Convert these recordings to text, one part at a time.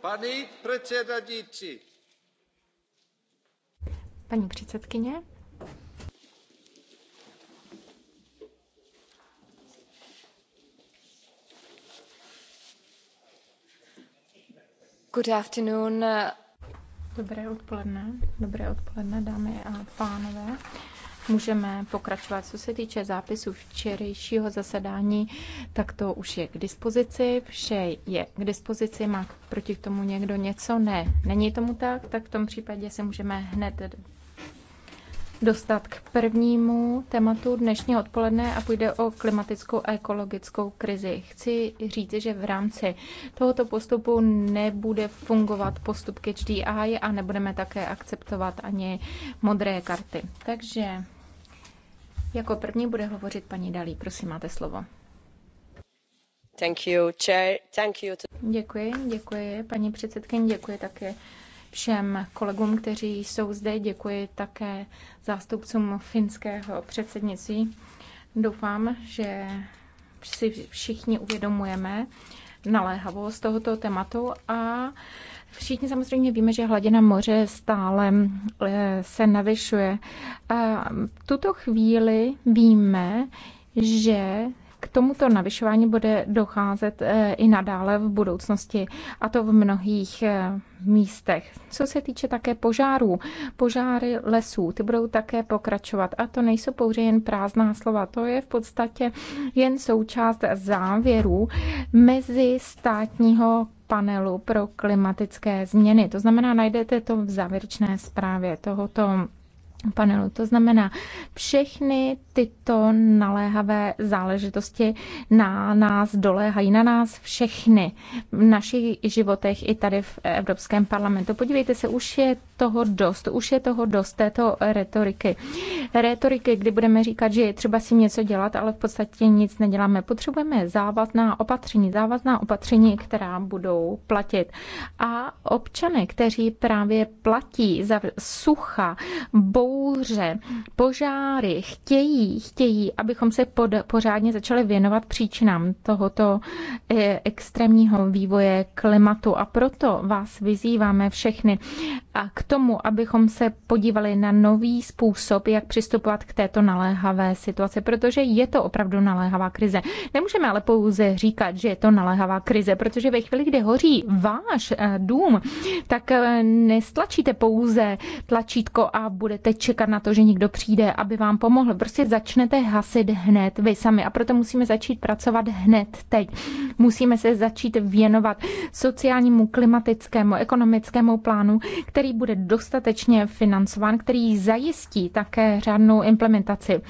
Paní předsedající. Paní předsedkyně. Good afternoon. Dobré odpoledne, dobré odpoledne, dámy a pánové můžeme pokračovat. Co se týče zápisu včerejšího zasedání, tak to už je k dispozici. Vše je k dispozici. Má proti tomu někdo něco? Ne. Není tomu tak? Tak v tom případě se můžeme hned dostat k prvnímu tématu dnešního odpoledne a půjde o klimatickou a ekologickou krizi. Chci říct, že v rámci tohoto postupu nebude fungovat postup k HDI a nebudeme také akceptovat ani modré karty. Takže jako první bude hovořit paní Dalí. Prosím, máte slovo. Thank you, chair. Thank you to... Děkuji, děkuji paní předsedkyně, děkuji také všem kolegům, kteří jsou zde, děkuji také zástupcům finského předsednictví. Doufám, že si všichni uvědomujeme naléhavost tohoto tématu a Všichni samozřejmě víme, že hladina moře stále eh, se navyšuje. V tuto chvíli víme, že k tomuto navyšování bude docházet eh, i nadále v budoucnosti, a to v mnohých eh, místech. Co se týče také požárů, požáry lesů, ty budou také pokračovat. A to nejsou pouze jen prázdná slova, to je v podstatě jen součást závěrů mezi státního panelu pro klimatické změny. To znamená, najdete to v závěrečné zprávě tohoto panelu. To znamená, všechny tyto naléhavé záležitosti na nás doléhají, na nás všechny v našich životech i tady v Evropském parlamentu. Podívejte se, už je toho dost, už je toho dost této retoriky. Retoriky, kdy budeme říkat, že je třeba si něco dělat, ale v podstatě nic neděláme. Potřebujeme závazná opatření, závazná opatření, která budou platit. A občany, kteří právě platí za sucha, bou bouře, požáry chtějí, chtějí, abychom se pod, pořádně začali věnovat příčinám tohoto eh, extrémního vývoje klimatu. A proto vás vyzýváme všechny a k tomu, abychom se podívali na nový způsob, jak přistupovat k této naléhavé situaci, protože je to opravdu naléhavá krize. Nemůžeme ale pouze říkat, že je to naléhavá krize, protože ve chvíli, kdy hoří váš eh, dům, tak eh, nestlačíte pouze tlačítko a budete čekat na to, že někdo přijde, aby vám pomohl. Prostě začnete hasit hned vy sami a proto musíme začít pracovat hned teď. Musíme se začít věnovat sociálnímu, klimatickému, ekonomickému plánu, který bude dostatečně financován, který zajistí také řádnou implementaci.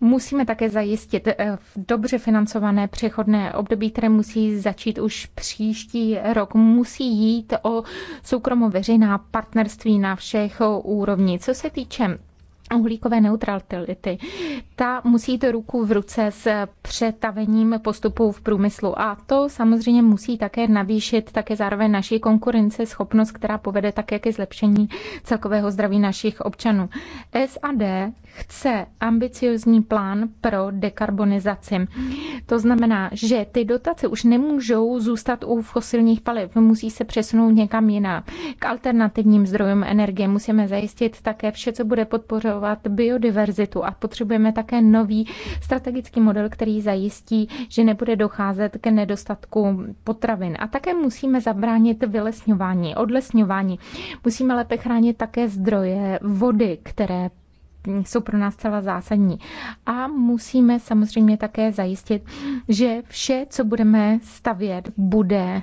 Musíme také zajistit eh, dobře financované přechodné období, které musí začít už příští rok. Musí jít o soukromo veřejná partnerství na všech úrovni. Co se týče uhlíkové neutrality. Ta musí jít ruku v ruce s přetavením postupů v průmyslu a to samozřejmě musí také navýšit také zároveň naší konkurence schopnost, která povede také ke zlepšení celkového zdraví našich občanů. SAD chce ambiciozní plán pro dekarbonizaci. To znamená, že ty dotace už nemůžou zůstat u fosilních paliv, musí se přesunout někam jiná. K alternativním zdrojům energie musíme zajistit také vše, co bude podpořovat podporovat biodiverzitu a potřebujeme také nový strategický model, který zajistí, že nebude docházet k nedostatku potravin. A také musíme zabránit vylesňování, odlesňování. Musíme lépe chránit také zdroje vody, které jsou pro nás celá zásadní. A musíme samozřejmě také zajistit, že vše, co budeme stavět, bude e,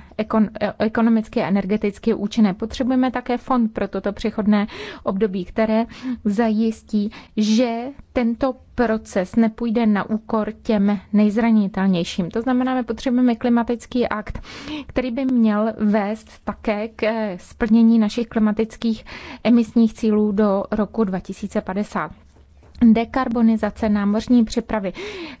ekonomicky a energeticky účinné. Potřebujeme také fond pro toto přechodné období, které zajistí, že tento proces nepůjde na úkor těm nejzranitelnějším. To znamená, my potřebujeme klimatický akt, který by měl vést také k eh, splnění našich klimatických emisních cílů do roku 2050. Dekarbonizace námořní přepravy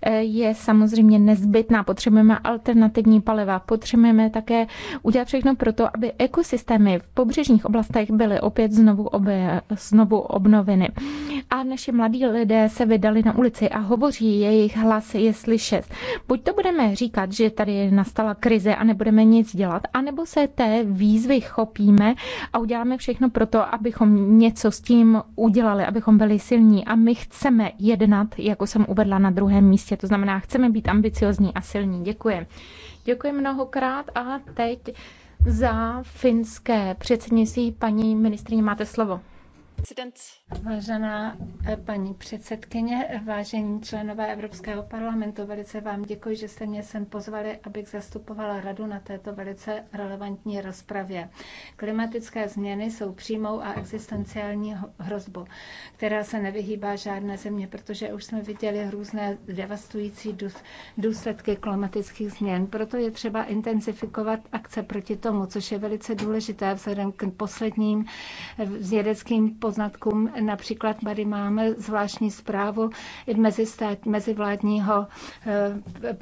eh, je samozřejmě nezbytná. Potřebujeme alternativní paliva, potřebujeme také udělat všechno pro to, aby ekosystémy v pobřežních oblastech byly opět znovu, obě, znovu obnoveny. A naši mladí lidé se vydali na ulici a hovoří, jejich hlas je slyšet. Buď to budeme říkat, že tady nastala krize a nebudeme nic dělat, anebo se té výzvy chopíme a uděláme všechno pro to, abychom něco s tím udělali, abychom byli silní. A my chceme jednat, jako jsem uvedla na druhém místě. To znamená, chceme být ambiciozní a silní. Děkuji. Děkuji mnohokrát a teď za finské předsednictví paní ministrině máte slovo. Vážená eh, paní předsedkyně, vážení členové Evropského parlamentu, velice vám děkuji, že jste mě sem pozvali, abych zastupovala radu na této velice relevantní rozpravě. Klimatické změny jsou přímou a existenciální hrozbou, která se nevyhýbá žádné země, protože už jsme viděli různé devastující důsledky klimatických změn. Proto je třeba intenzifikovat akce proti tomu, což je velice důležité vzhledem k posledním eh, vědeckým poznatkům Například tady máme zvláštní zprávu mezi mezivládního eh,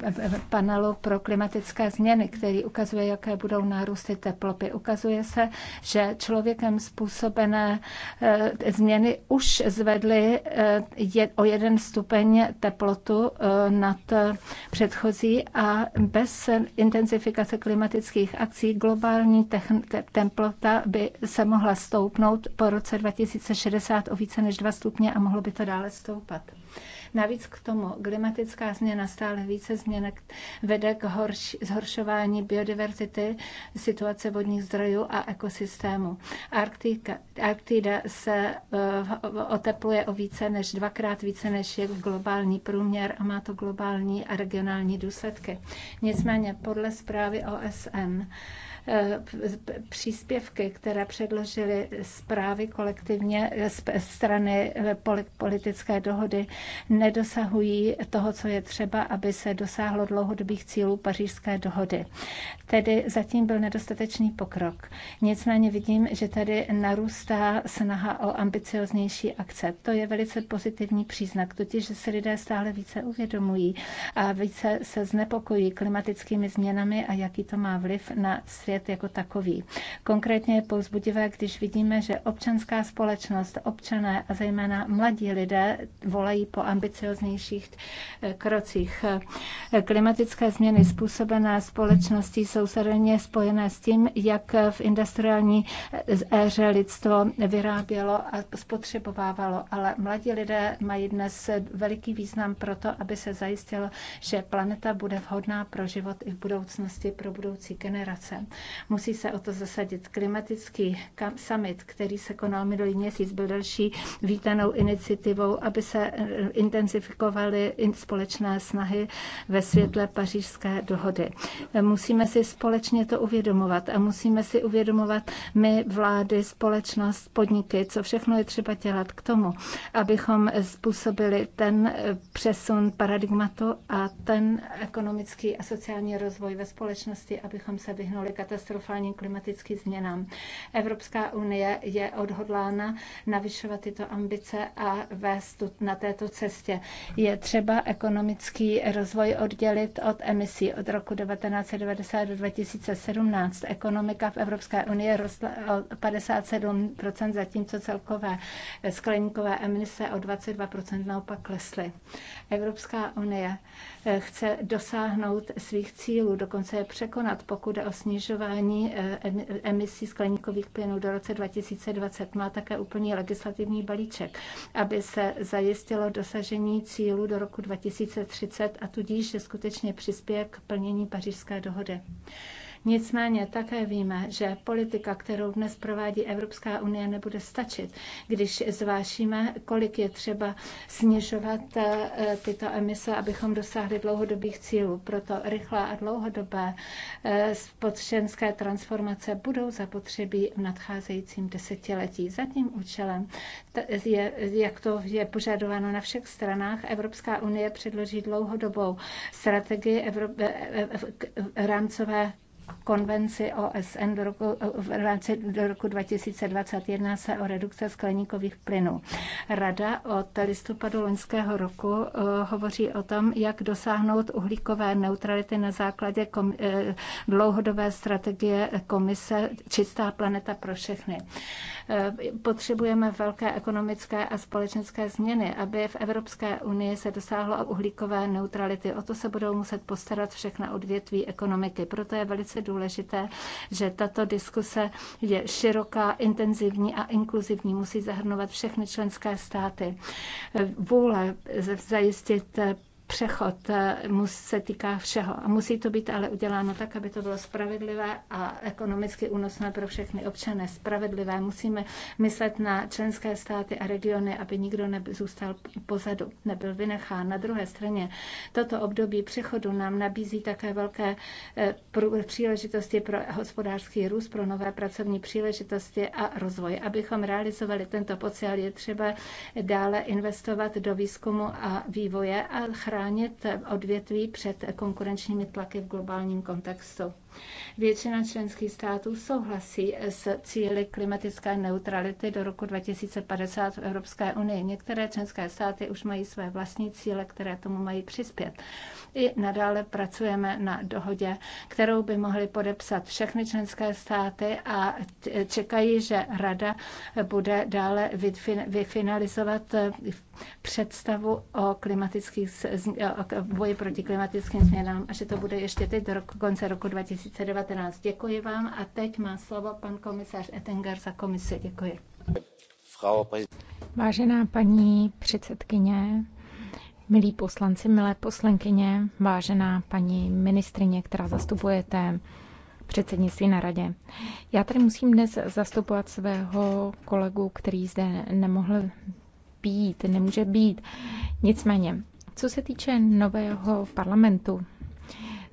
panelu pro klimatické změny, který ukazuje, jaké budou nárůsty teploty. Ukazuje se, že člověkem způsobené eh, změny už zvedly eh, o jeden stupeň teplotu nad předchozí a bez intenzifikace klimatických akcí globální teplota by se mohla stoupnout po roce 2060 o více než 2 stupně a mohlo by to dále stoupat. Navíc k tomu klimatická změna, stále více změn vede k horš, zhoršování biodiverzity, situace vodních zdrojů a ekosystému. Arktika, Arktida se uh, otepluje o více než dvakrát více než je globální průměr a má to globální a regionální důsledky. Nicméně podle zprávy OSN Eh, příspěvky, které předložily zprávy kolektivně eh, z strany eh, politické dohody, nedosahují toho, co je třeba, aby se dosáhlo dlouhodobých cílů pařížské dohody. Tedy zatím byl nedostatečný pokrok. Nicméně vidím, že tady narůstá snaha o ambicioznější akce. To je velice pozitivní příznak, totiž, že se lidé stále více uvědomují a více se znepokojí klimatickými změnami a jaký to má vliv na svět svět jako takový. Konkrétně je pouzbudivé, když vidíme, že občanská společnost, občané a zejména mladí lidé volají po ambicioznějších eh, krocích. Eh, klimatické změny způsobené společností jsou samozřejmě spojené s tím, jak v industriální eh, éře lidstvo vyrábělo a spotřebovávalo, ale mladí lidé mají dnes veliký význam pro to, aby se zajistilo, že planeta bude vhodná pro život i v budoucnosti pro budoucí generace. Musí se o to zasadit. Klimatický summit, který se konal minulý měsíc, byl další vítanou iniciativou, aby se eh, intenzifikovaly společné snahy ve světle pařížské dohody. Eh, musíme si společně to uvědomovat a musíme si uvědomovat my, vlády, společnost, podniky, co všechno je třeba dělat k tomu, abychom způsobili ten eh, přesun paradigmatu a ten ekonomický a sociální rozvoj ve společnosti, abychom se vyhnuli katastrofě katastrofálním klimatickým změnám. Evropská unie je odhodlána navyšovat tyto ambice a vést na této cestě. Je třeba ekonomický rozvoj oddělit od emisí. Od roku 1990 do 2017 ekonomika v Evropské unii rostla o 57%, zatímco celkové skleníkové emise o 22% naopak klesly. Evropská unie eh, chce dosáhnout svých cílů, dokonce je překonat, pokud je o snižování snižování eh, emisí skleníkových plynů do roce 2020. Má také úplný legislativní balíček, aby se zajistilo dosažení cílu do roku 2030 a tudíž, že skutečně přispěje k plnění pařížské dohody. Nicméně také víme, že politika, kterou dnes provádí Evropská unie, nebude stačit, když zvážíme, kolik je třeba snižovat eh, tyto emise, abychom dosáhli dlouhodobých cílů. Proto rychlá a dlouhodobé eh, spotřenské transformace budou zapotřebí v nadcházejícím desetiletí. Za tím účelem, je, jak to je požadováno na všech stranách, Evropská unie předloží dlouhodobou strategii Evro- eh, rámcové konvenci OSN do roku, v rámci do roku 2021 se o redukce skleníkových plynů. Rada od listopadu loňského roku eh, hovoří o tom, jak dosáhnout uhlíkové neutrality na základě kom, eh, dlouhodobé strategie komise Čistá planeta pro všechny. Potřebujeme velké ekonomické a společenské změny, aby v Evropské unii se dosáhlo uhlíkové neutrality. O to se budou muset postarat všechna odvětví ekonomiky. Proto je velice důležité, že tato diskuse je široká, intenzivní a inkluzivní. Musí zahrnovat všechny členské státy. Vůle zajistit přechod eh, se týká všeho. A musí to být ale uděláno tak, aby to bylo spravedlivé a ekonomicky únosné pro všechny občany. Spravedlivé. Musíme myslet na členské státy a regiony, aby nikdo nezůstal pozadu, nebyl vynechán. Na druhé straně toto období přechodu nám nabízí také velké eh, příležitosti pro hospodářský růst, pro nové pracovní příležitosti a rozvoj. Abychom realizovali tento potenciál, je třeba dále investovat do výzkumu a vývoje a chránit chránit odvětví před konkurenčními tlaky v globálním kontextu. Většina členských států souhlasí s cíly klimatické neutrality do roku 2050 v Evropské unii. Některé členské státy už mají své vlastní cíle, které tomu mají přispět. I nadále pracujeme na dohodě, kterou by mohly podepsat všechny členské státy a čekají, že Rada bude dále vyfinalizovat představu o klimatických, o boji proti klimatickým změnám a že to bude ještě teď do roku, konce roku 2020. 2019. Děkuji vám a teď má slovo pan komisař Ettinger za komise. Děkuji. Vážená paní předsedkyně, milí poslanci, milé poslankyně, vážená paní ministrině, která zastupujete předsednictví na radě. Já tady musím dnes zastupovat svého kolegu, který zde nemohl být, nemůže být. Nicméně, co se týče nového parlamentu,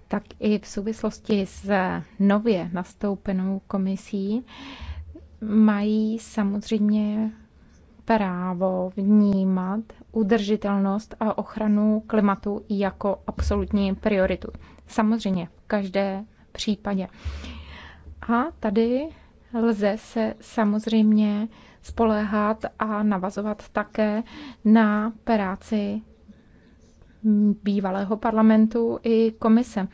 tak i v souvislosti s nově nastoupenou komisí mají samozřejmě právo vnímat udržitelnost a ochranu klimatu jako absolutní prioritu. Samozřejmě v každé případě. A tady lze se samozřejmě spoléhat a navazovat také na práci bývalého parlamentu i komise.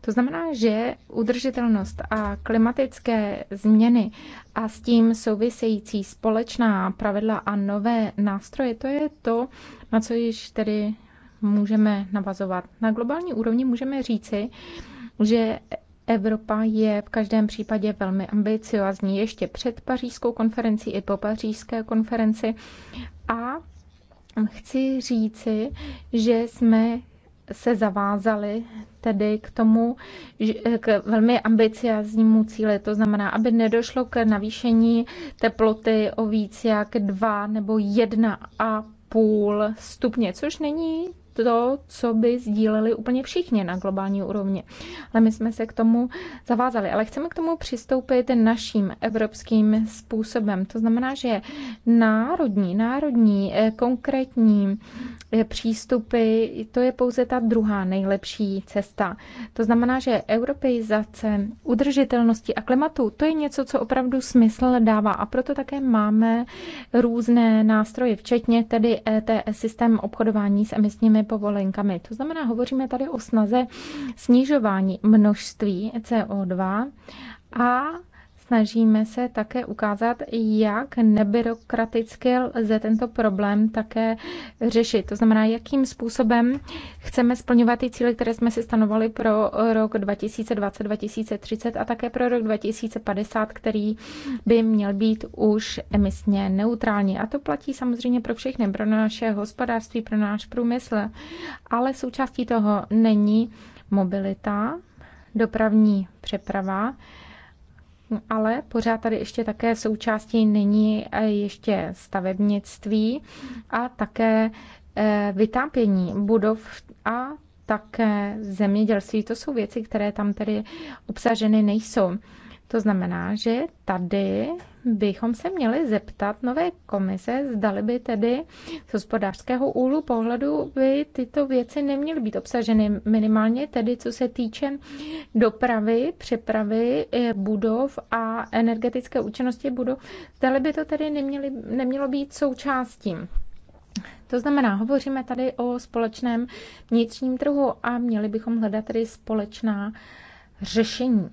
To znamená, že udržitelnost a klimatické změny a s tím související společná pravidla a nové nástroje, to je to, na co již tedy můžeme navazovat. Na globální úrovni můžeme říci, že Evropa je v každém případě velmi ambiciozní ještě před pařížskou konferencí i po pařížské konferenci a chci říci, že jsme se zavázali tedy k tomu, k velmi ambicioznímu cíli, to znamená, aby nedošlo k navýšení teploty o víc jak 2 nebo 1,5 stupně, což není to, co by sdíleli úplně všichni na globální úrovni. Ale my jsme se k tomu zavázali. Ale chceme k tomu přistoupit naším evropským způsobem. To znamená, že národní, národní, eh, konkrétní eh, přístupy, to je pouze ta druhá nejlepší cesta. To znamená, že europeizace, udržitelnosti a klimatu, to je něco, co opravdu smysl dává. A proto také máme různé nástroje, včetně tedy ETS, systém obchodování s emisními povolenkami. To znamená, hovoříme tady o snaze snižování množství CO2 a Snažíme se také ukázat, jak nebyrokraticky lze tento problém také řešit. To znamená, jakým způsobem chceme splňovat ty cíle, které jsme si stanovali pro rok 2020, 2030 a také pro rok 2050, který by měl být už emisně neutrální. A to platí samozřejmě pro všechny, pro naše hospodářství, pro náš průmysl. Ale součástí toho není mobilita, dopravní přeprava, ale pořád tady ještě také součástí není eh, ještě stavebnictví a také eh, vytápění budov a také zemědělství. To jsou věci, které tam tedy obsaženy nejsou. To znamená, že tady bychom se měli zeptat nové komise, zdali by tedy z hospodářského úhlu pohledu by tyto věci neměly být obsaženy minimálně tedy, co se týče dopravy, přepravy eh, budov a energetické účinnosti budov, zdali by to tedy neměly, nemělo být součástí. To znamená, hovoříme tady o společném vnitřním trhu a měli bychom hledat tedy společná řešení.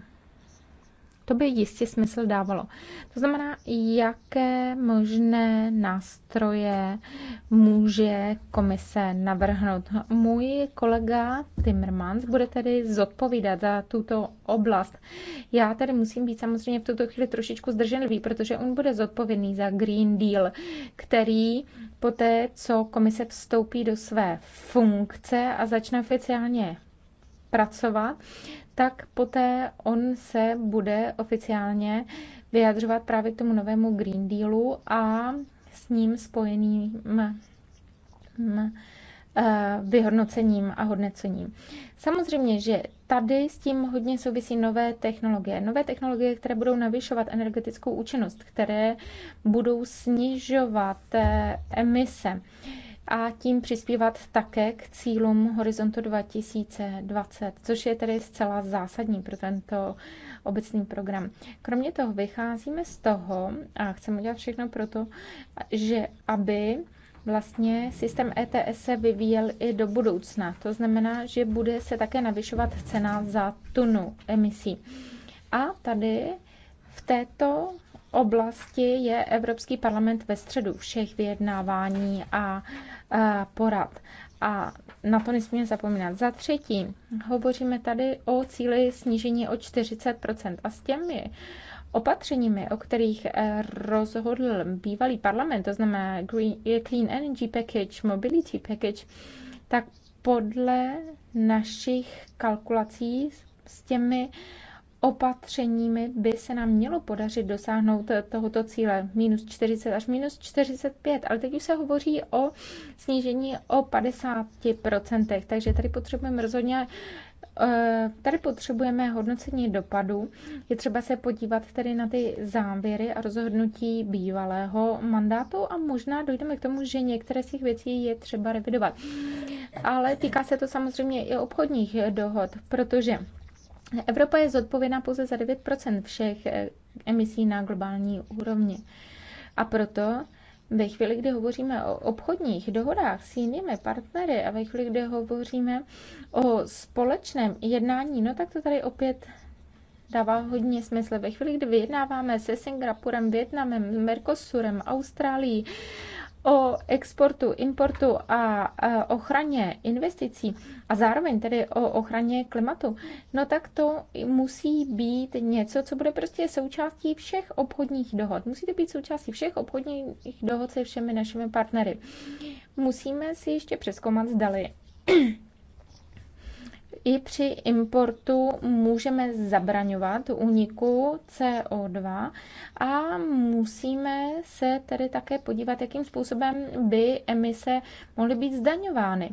To by jistě smysl dávalo. To znamená, jaké možné nástroje může komise navrhnout. Můj kolega Timmermans bude tedy zodpovídat za tuto oblast. Já tedy musím být samozřejmě v tuto chvíli trošičku zdrženlivý, protože on bude zodpovědný za Green Deal, který poté, co komise vstoupí do své funkce a začne oficiálně pracovat, tak poté on se bude oficiálně vyjadřovat právě k tomu novému Green Dealu a s ním spojeným mm, eh, vyhodnocením a hodnocením. Samozřejmě, že tady s tím hodně souvisí nové technologie. Nové technologie, které budou navyšovat energetickou účinnost, které budou snižovat eh, emise a tím přispívat také k cílům Horizontu 2020, což je tedy zcela zásadní pro tento obecný program. Kromě toho vycházíme z toho a chceme udělat všechno pro to, že aby vlastně systém ETS se vyvíjel i do budoucna. To znamená, že bude se také navyšovat cena za tunu emisí. A tady v této oblasti je Evropský parlament ve středu všech vyjednávání a porad. A na to nesmíme zapomínat. Za třetí, hovoříme tady o cíli snížení o 40 a s těmi opatřeními, o kterých eh, rozhodl bývalý parlament, to znamená Green, eh, Clean Energy Package, Mobility Package, tak podle našich kalkulací s těmi opatřeními by se nám mělo podařit dosáhnout tohoto cíle minus 40 až minus 45, ale teď už se hovoří o snížení o 50%, takže tady potřebujeme rozhodně eh, Tady potřebujeme hodnocení dopadu. Je třeba se podívat tedy na ty závěry a rozhodnutí bývalého mandátu a možná dojdeme k tomu, že některé z těch věcí je třeba revidovat. Ale týká se to samozřejmě i obchodních dohod, protože Evropa je zodpovědná pouze za 9 všech eh, emisí na globální úrovni. A proto ve chvíli, kdy hovoříme o obchodních dohodách s jinými partnery a ve chvíli, kdy hovoříme o společném jednání, no tak to tady opět dává hodně smysl. Ve chvíli, kdy vyjednáváme se Singapurem, Větnamem, Mercosurem, Austrálií o exportu, importu a ochraně investicí a zároveň tedy o ochraně klimatu, no tak to musí být něco, co bude prostě součástí všech obchodních dohod. Musí to být součástí všech obchodních dohod se všemi našimi partnery. Musíme si ještě přeskoumat, zdali i při importu můžeme zabraňovat úniku CO2 a musíme se tedy také podívat, jakým způsobem by emise mohly být zdaňovány.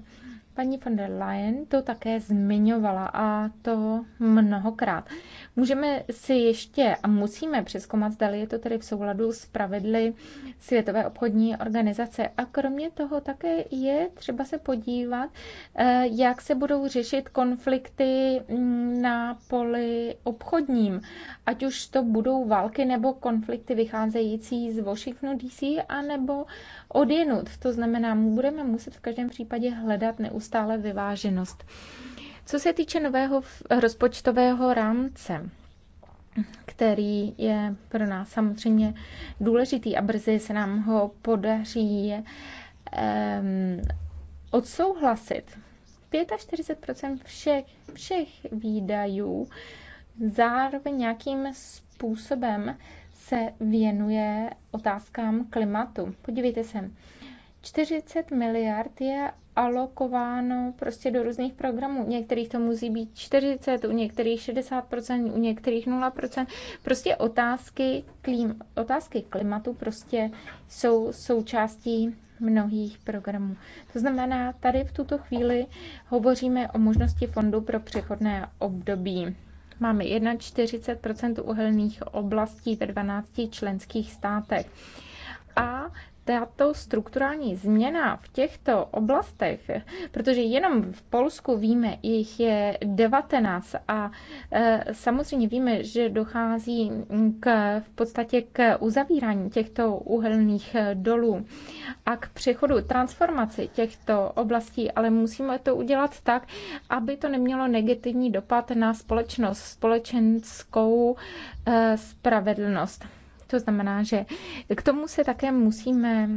Paní von der Leyen to také zmiňovala a to mnohokrát. Můžeme si ještě a musíme přeskoumat, zda je to tedy v souladu s pravidly Světové obchodní organizace. A kromě toho také je třeba se podívat, eh, jak se budou řešit konflikty mm, na poli obchodním, ať už to budou války nebo konflikty vycházející z Washingtonu DC a nebo odjenut. To znamená, budeme muset v každém případě hledat neustále vyváženost. Co se týče nového rozpočtového rámce, který je pro nás samozřejmě důležitý a brzy se nám ho podaří um, odsouhlasit. 45% všech, všech výdajů zároveň nějakým způsobem se věnuje otázkám klimatu. Podívejte se, 40 miliard je alokováno prostě do různých programů. U některých to musí být 40, u některých 60%, u některých 0%. Prostě otázky, klim, otázky klimatu prostě jsou součástí mnohých programů. To znamená, tady v tuto chvíli hovoříme o možnosti fondu pro přechodné období. Máme 41% uhelných oblastí ve 12 členských státech. A tato strukturální změna v těchto oblastech, protože jenom v Polsku víme, jich je 19 a e, samozřejmě víme, že dochází k, v podstatě k uzavírání těchto uhelných e, dolů a k přechodu transformaci těchto oblastí, ale musíme to udělat tak, aby to nemělo negativní dopad na společnost, společenskou e, spravedlnost. To znamená, že k tomu se také musíme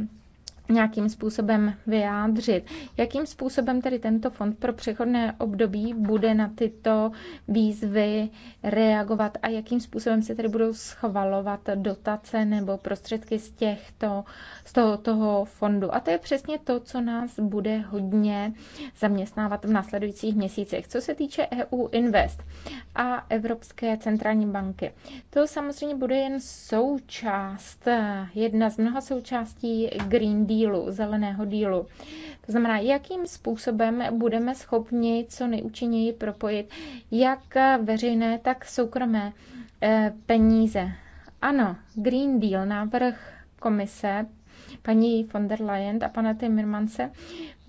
nějakým způsobem vyjádřit. Jakým způsobem tedy tento fond pro přechodné období bude na tyto výzvy reagovat a jakým způsobem se tedy budou schvalovat dotace nebo prostředky z, těchto, z toho, toho fondu. A to je přesně to, co nás bude hodně zaměstnávat v následujících měsících. Co se týče EU Invest a Evropské centrální banky, to samozřejmě bude jen součást, jedna z mnoha součástí Green Deal dílu, zeleného dílu. To znamená, jakým způsobem budeme schopni co nejúčinněji propojit jak veřejné, tak soukromé eh, peníze. Ano, Green Deal, návrh komise paní von der Leyen a pana Timmermanse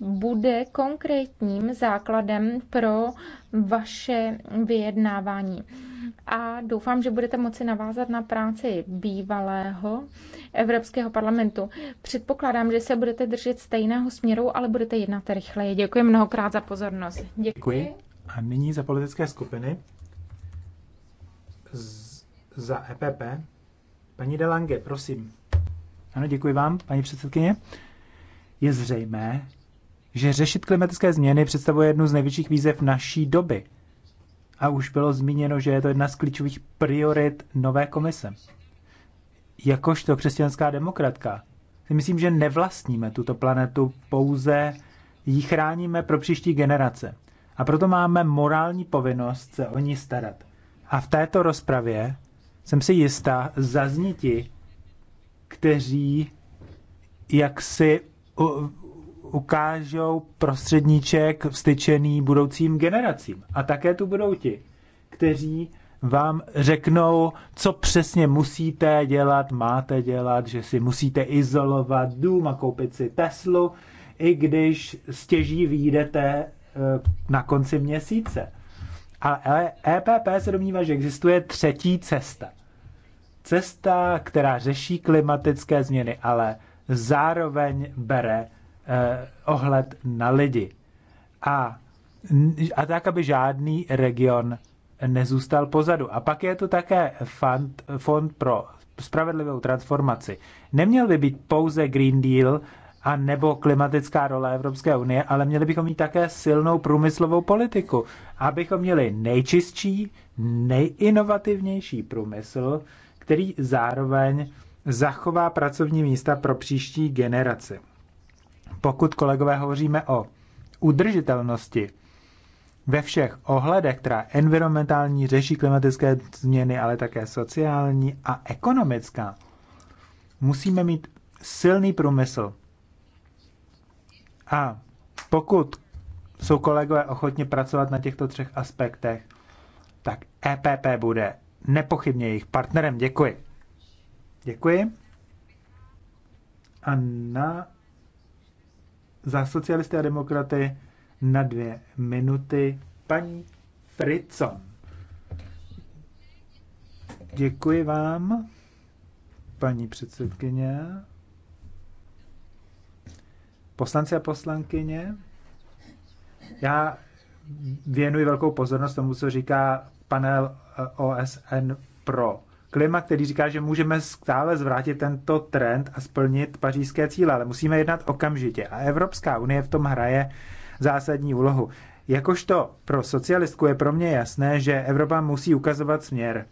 bude konkrétním základem pro vaše vyjednávání. A doufám, že budete moci navázat na práci bývalého Evropského parlamentu. Předpokládám, že se budete držet stejného směru, ale budete jednat rychleji. Děkuji mnohokrát za pozornost. Děkuji. Děkuji. A nyní za politické skupiny. Z, za EPP. Paní Delange, prosím. Ano, děkuji vám, paní předsedkyně. Je zřejmé, že řešit klimatické změny představuje jednu z největších výzev naší doby. A už bylo zmíněno, že je to jedna z klíčových priorit nové komise. Jakožto křesťanská demokratka si myslím, že nevlastníme tuto planetu, pouze ji chráníme pro příští generace. A proto máme morální povinnost se o ní starat. A v této rozpravě jsem si jistá, zazní ti, kteří jak si ukážou prostředníček vstyčený budoucím generacím. A také tu budou ti, kteří vám řeknou, co přesně musíte dělat, máte dělat, že si musíte izolovat dům a koupit si Teslu, i když stěží výjdete e, na konci měsíce. Ale EPP se domnívá, že existuje třetí cesta – cesta, která řeší klimatické změny, ale zároveň bere eh, ohled na lidi. A, a tak, aby žádný region nezůstal pozadu. A pak je to také fond, fond pro spravedlivou transformaci. Neměl by být pouze Green Deal a nebo klimatická role Evropské unie, ale měli bychom mít také silnou průmyslovou politiku, abychom měli nejčistší, nejinovativnější průmysl, který zároveň zachová pracovní místa pro příští generaci. Pokud kolegové hovoříme o udržitelnosti ve všech ohledech, která environmentální řeší klimatické změny, ale také sociální a ekonomická, musíme mít silný průmysl. A pokud jsou kolegové ochotně pracovat na těchto třech aspektech, tak EPP bude nepochybně jejich partnerem. Děkuji. Děkuji. A na za socialisty a demokraty na dvě minuty paní Fricon. Děkuji vám, paní předsedkyně. Poslanci a poslankyně, já věnuji velkou pozornost tomu, co říká panel OSN pro klima, který říká, že můžeme stále zvrátit tento trend a splnit pařížské cíle, ale musíme jednat okamžitě. A Evropská unie v tom hraje zásadní úlohu. Jakožto pro socialistku je pro mě jasné, že Evropa musí ukazovat směr,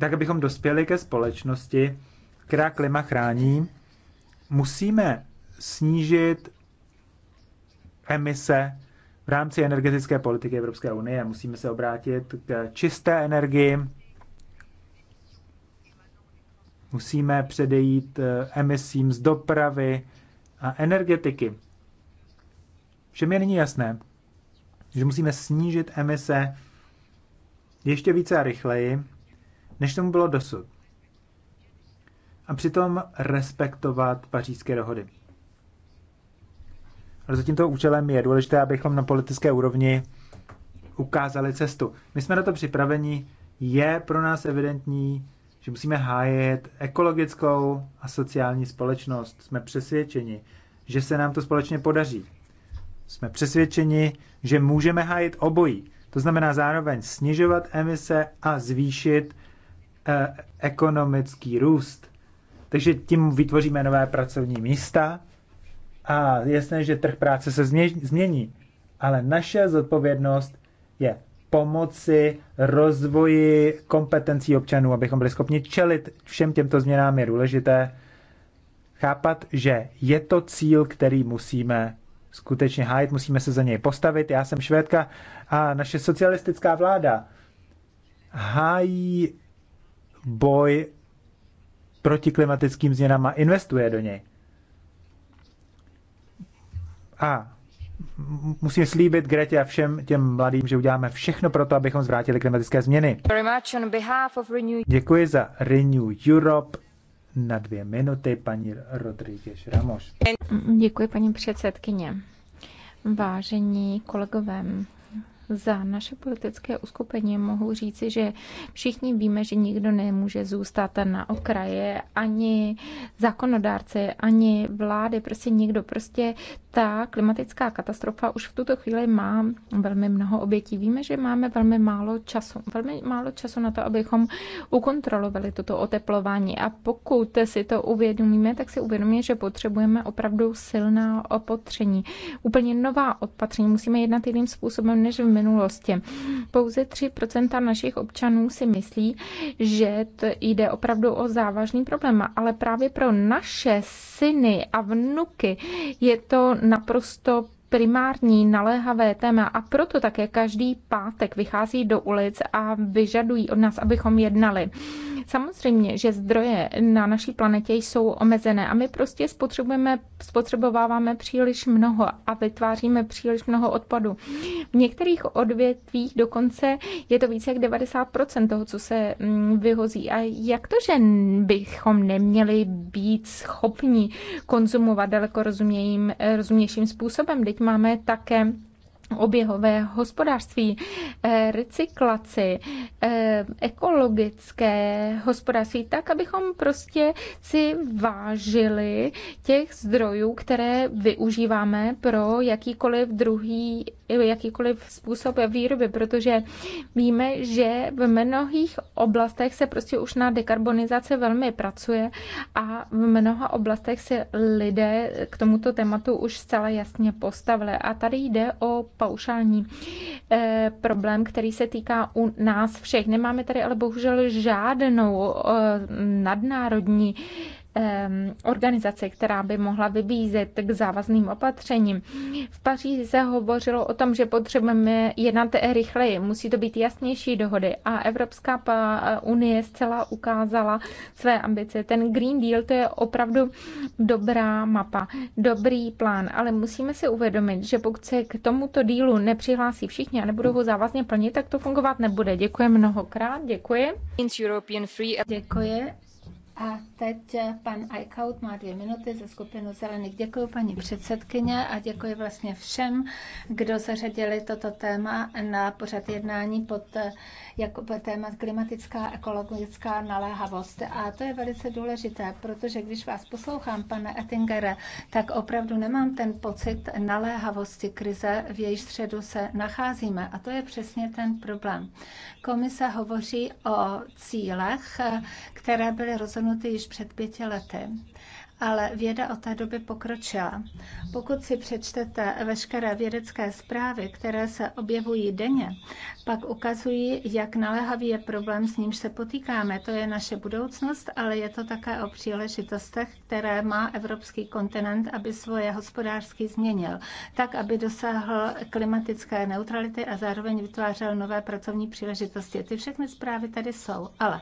tak abychom dospěli ke společnosti, která klima chrání, musíme snížit emise v rámci energetické politiky Evropské unie musíme se obrátit k čisté energii, musíme předejít eh, emisím z dopravy a energetiky. Všem je nyní jasné, že musíme snížit emise ještě více a rychleji, než tomu bylo dosud. A přitom respektovat pařížské dohody. Ale za tímto účelem je důležité, abychom na politické úrovni ukázali cestu. My jsme na to připraveni, je pro nás evidentní, že musíme hájit ekologickou a sociální společnost. Jsme přesvědčeni, že se nám to společně podaří. Jsme přesvědčeni, že můžeme hájit obojí. To znamená zároveň snižovat emise a zvýšit eh, ekonomický růst. Takže tím vytvoříme nové pracovní místa a jasné, že trh práce se změní, ale naše zodpovědnost je pomoci rozvoji kompetencí občanů, abychom byli schopni čelit všem těmto změnám, je důležité chápat, že je to cíl, který musíme skutečně hájit, musíme se za něj postavit. Já jsem Švédka a naše socialistická vláda hájí boj proti klimatickým změnám a investuje do něj. A musím slíbit Gretě a všem těm mladým, že uděláme všechno pro to, abychom zvrátili klimatické změny. Děkuji za Renew Europe na dvě minuty, paní Rodríguez Ramos. Děkuji, paní předsedkyně. Vážení kolegové, za naše politické uskupení mohu říci, že všichni víme, že nikdo nemůže zůstat na okraje, ani zákonodárce, ani vlády, prostě nikdo. Prostě ta klimatická katastrofa už v tuto chvíli má velmi mnoho obětí. Víme, že máme velmi málo času, velmi málo času na to, abychom ukontrolovali toto oteplování. A pokud si to uvědomíme, tak si uvědomíme, že potřebujeme opravdu silná opatření. Úplně nová opatření. Musíme jednat jiným způsobem než v minulosti. Pouze 3% našich občanů si myslí, že to jde opravdu o závažný problém, ale právě pro naše syny a vnuky je to naprosto primární naléhavé téma a proto také každý pátek vychází do ulic a vyžadují od nás, abychom jednali. Samozřejmě, že zdroje na naší planetě jsou omezené a my prostě spotřebujeme, spotřebováváme příliš mnoho a vytváříme příliš mnoho odpadu. V některých odvětvích dokonce je to více jak 90% toho, co se mm, vyhozí. A jak to, že bychom neměli být schopni konzumovat daleko rozumějím, eh, rozumějším způsobem? Teď máme také oběhové hospodářství, eh, recyklaci, eh, ekologické hospodářství, tak, abychom prostě si vážili těch zdrojů, které využíváme pro jakýkoliv druhý jakýkoliv způsob výroby, protože víme, že v mnohých oblastech se prostě už na dekarbonizaci velmi pracuje a v mnoha oblastech se lidé k tomuto tématu už zcela jasně postavili. A tady jde o paušální eh, problém, který se týká u nás všech. Nemáme tady ale bohužel žádnou eh, nadnárodní organizaci, která by mohla vybízet k závazným opatřením. V Paříži se hovořilo o tom, že potřebujeme jednat rychleji, musí to být jasnější dohody a Evropská unie zcela ukázala své ambice. Ten Green Deal to je opravdu dobrá mapa, dobrý plán, ale musíme si uvědomit, že pokud se k tomuto dílu nepřihlásí všichni a nebudou ho závazně plnit, tak to fungovat nebude. Děkuji mnohokrát, děkuji. Děkuji. A teď eh, pan Eichhout má dvě minuty za skupinu Zelených. Děkuji paní předsedkyně a děkuji vlastně všem, kdo zařadili toto téma na pořad jednání pod eh, jako téma klimatická ekologická naléhavost. A to je velice důležité, protože když vás poslouchám, pane Ettingere, tak opravdu nemám ten pocit naléhavosti krize, v jejíž středu se nacházíme. A to je přesně ten problém. Komise hovoří o cílech, eh, které byly rozhodnuty rozhodnuty již před pěti lety ale věda od té doby pokročila. Pokud si přečtete veškeré vědecké zprávy, které se objevují denně, pak ukazují, jak naléhavý je problém, s nímž se potýkáme. To je naše budoucnost, ale je to také o příležitostech, které má evropský kontinent, aby svoje hospodářský změnil, tak, aby dosáhl klimatické neutrality a zároveň vytvářel nové pracovní příležitosti. Ty všechny zprávy tady jsou, ale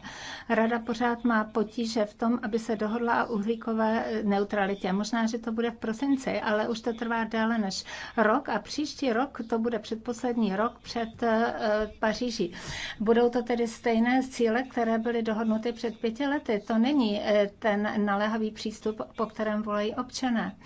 Rada pořád má potíže v tom, aby se dohodla a uhlíkové neutralitě. Možná, že to bude v prosinci, ale už to trvá déle než rok a příští rok to bude předposlední rok před eh, Paříží. Budou to tedy stejné cíle, které byly dohodnuty před pěti lety. To není eh, ten naléhavý přístup, po kterém volají občané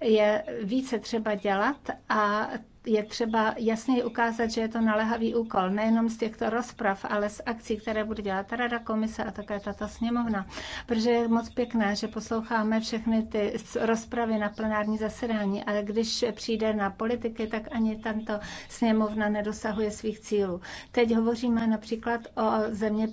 je více třeba dělat a je třeba jasně ukázat, že je to naléhavý úkol, nejenom z těchto rozprav, ale z akcí, které bude dělat Rada komise a také tato sněmovna. Protože je moc pěkné, že posloucháme všechny ty rozpravy na plenární zasedání, ale když přijde na politiky, tak ani tato sněmovna nedosahuje svých cílů. Teď hovoříme například o země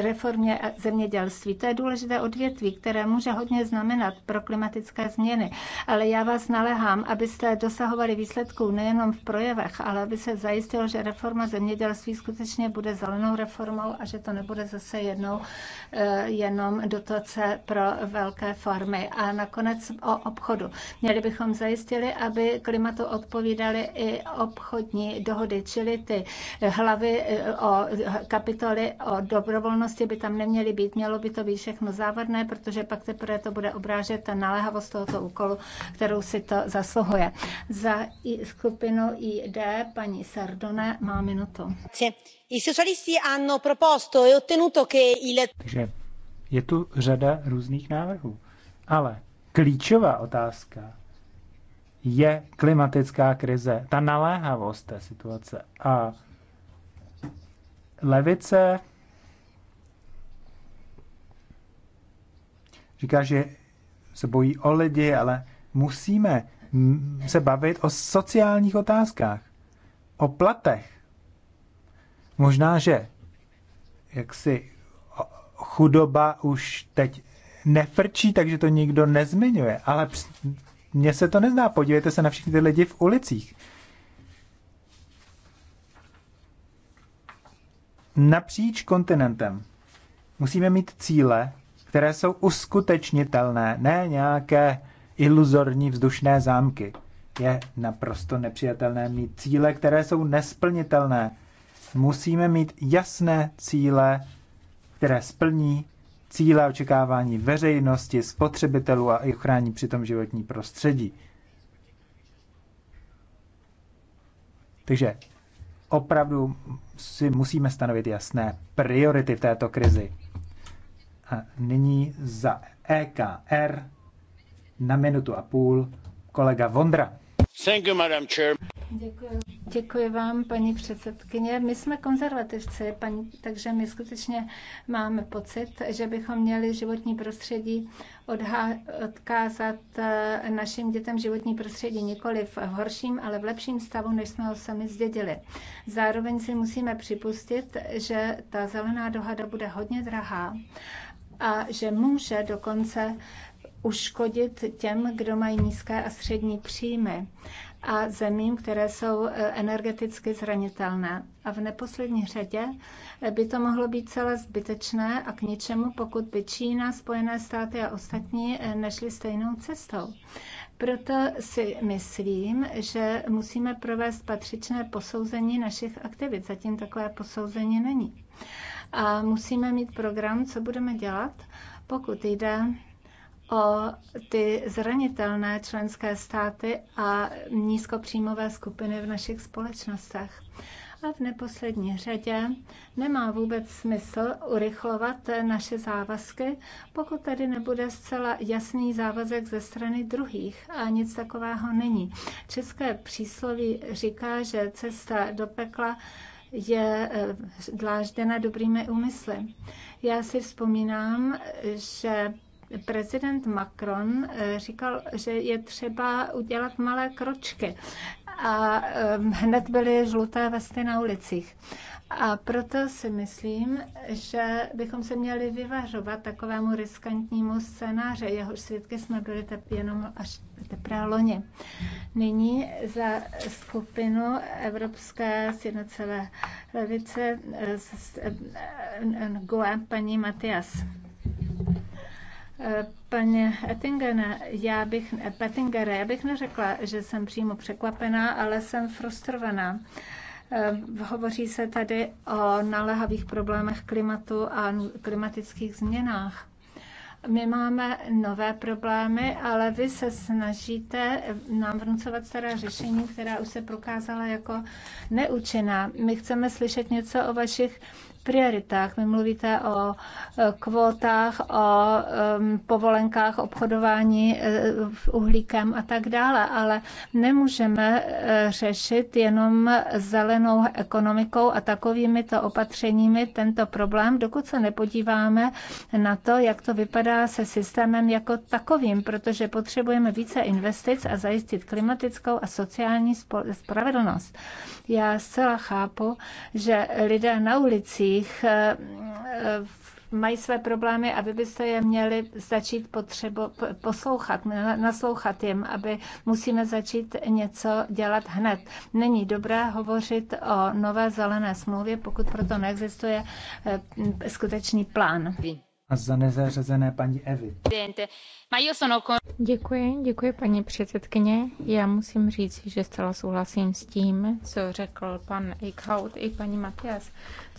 reformě zemědělství. To je důležité odvětví, které může hodně znamenat pro klimatické změny. Ale já vás nalehám, abyste dosahovali výsledků nejenom v projevech, ale aby se zajistilo, že reforma zemědělství skutečně bude zelenou reformou a že to nebude zase jednou eh, jenom dotace pro velké farmy. A nakonec o obchodu. Měli bychom zajistili, aby klimatu odpovídaly i obchodní dohody, čili ty hlavy eh, o kapitol kapitoly o dobrovolnosti by tam neměly být. Mělo by to být všechno závadné, protože pak teprve to bude obrážet ta naléhavost tohoto úkolu, kterou si to zasluhuje. Za skupinu ID paní Sardone má minutu. E Takže je tu řada různých návrhů, ale klíčová otázka je klimatická krize, ta naléhavost té situace a levice říká, že se bojí o lidi, ale musíme se bavit o sociálních otázkách, o platech. Možná, že jaksi chudoba už teď nefrčí, takže to nikdo nezmiňuje, ale mně se to nezdá. Podívejte se na všechny ty lidi v ulicích. napříč kontinentem. Musíme mít cíle, které jsou uskutečnitelné, ne nějaké iluzorní vzdušné zámky. Je naprosto nepřijatelné mít cíle, které jsou nesplnitelné. Musíme mít jasné cíle, které splní cíle očekávání veřejnosti, spotřebitelů a i ochrání přitom životní prostředí. Takže opravdu si musíme stanovit jasné priority v této krizi. A nyní za EKR na minutu a půl kolega Vondra. Thank you, Madam Chair. Děkuji. Děkuji vám, paní předsedkyně. My jsme konzervativci, paní, takže my skutečně máme pocit, že bychom měli životní prostředí odhá, odkázat eh, našim dětem životní prostředí nikoli v horším, ale v lepším stavu, než jsme ho sami zdědili. Zároveň si musíme připustit, že ta zelená dohada bude hodně drahá a že může dokonce uškodit těm, kdo mají nízké a střední příjmy a zemím, které jsou e, energeticky zranitelné. A v neposlední řadě e, by to mohlo být celé zbytečné a k ničemu, pokud by Čína, Spojené státy a ostatní e, nešli stejnou cestou. Proto si myslím, že musíme provést patřičné posouzení našich aktivit. Zatím takové posouzení není. A musíme mít program, co budeme dělat, pokud jde o ty zranitelné členské státy a nízkopříjmové skupiny v našich společnostech. A v neposlední řadě nemá vůbec smysl urychlovat naše závazky, pokud tady nebude zcela jasný závazek ze strany druhých. A nic takového není. České přísloví říká, že cesta do pekla je eh, dlážděna dobrými úmysly. Já si vzpomínám, že prezident Macron eh, říkal, že je třeba udělat malé kročky a eh, hned byly žluté vesty na ulicích. A proto si myslím, že bychom se měli vyvařovat takovému riskantnímu scénáři. Jeho svědky jsme byli tep jenom až teprve loni. Nyní za skupinu Evropské sjednocené levice eh, GUE paní Matias. Paně Ettingene, já bych, Pettingere, já bych neřekla, že jsem přímo překvapená, ale jsem frustrovaná. Eh, hovoří se tady o naléhavých problémech klimatu a klimatických změnách. My máme nové problémy, ale vy se snažíte nám vnucovat stará řešení, která už se prokázala jako neúčinná. My chceme slyšet něco o vašich prioritách. Vy mluvíte o e, kvótách, o povolenkách obchodování e, uhlíkem a tak dále, ale nemůžeme e, řešit jenom zelenou ekonomikou a takovými to opatřeními tento problém, dokud se nepodíváme na to, jak to vypadá se systémem jako takovým, protože potřebujeme více investic a zajistit klimatickou a sociální spravedlnost. Já zcela chápu, že lidé na ulici médiích eh, eh, mají své problémy a vy byste je měli začít potřebo, poslouchat, naslouchat jim, aby musíme začít něco dělat hned. Není dobré hovořit o nové zelené smlouvě, pokud proto neexistuje eh, skutečný plán. A za nezařazené paní Evy. Děkuji, děkuji paní předsedkyně. Já musím říct, že zcela souhlasím s tím, co řekl pan Eichhout i paní Matias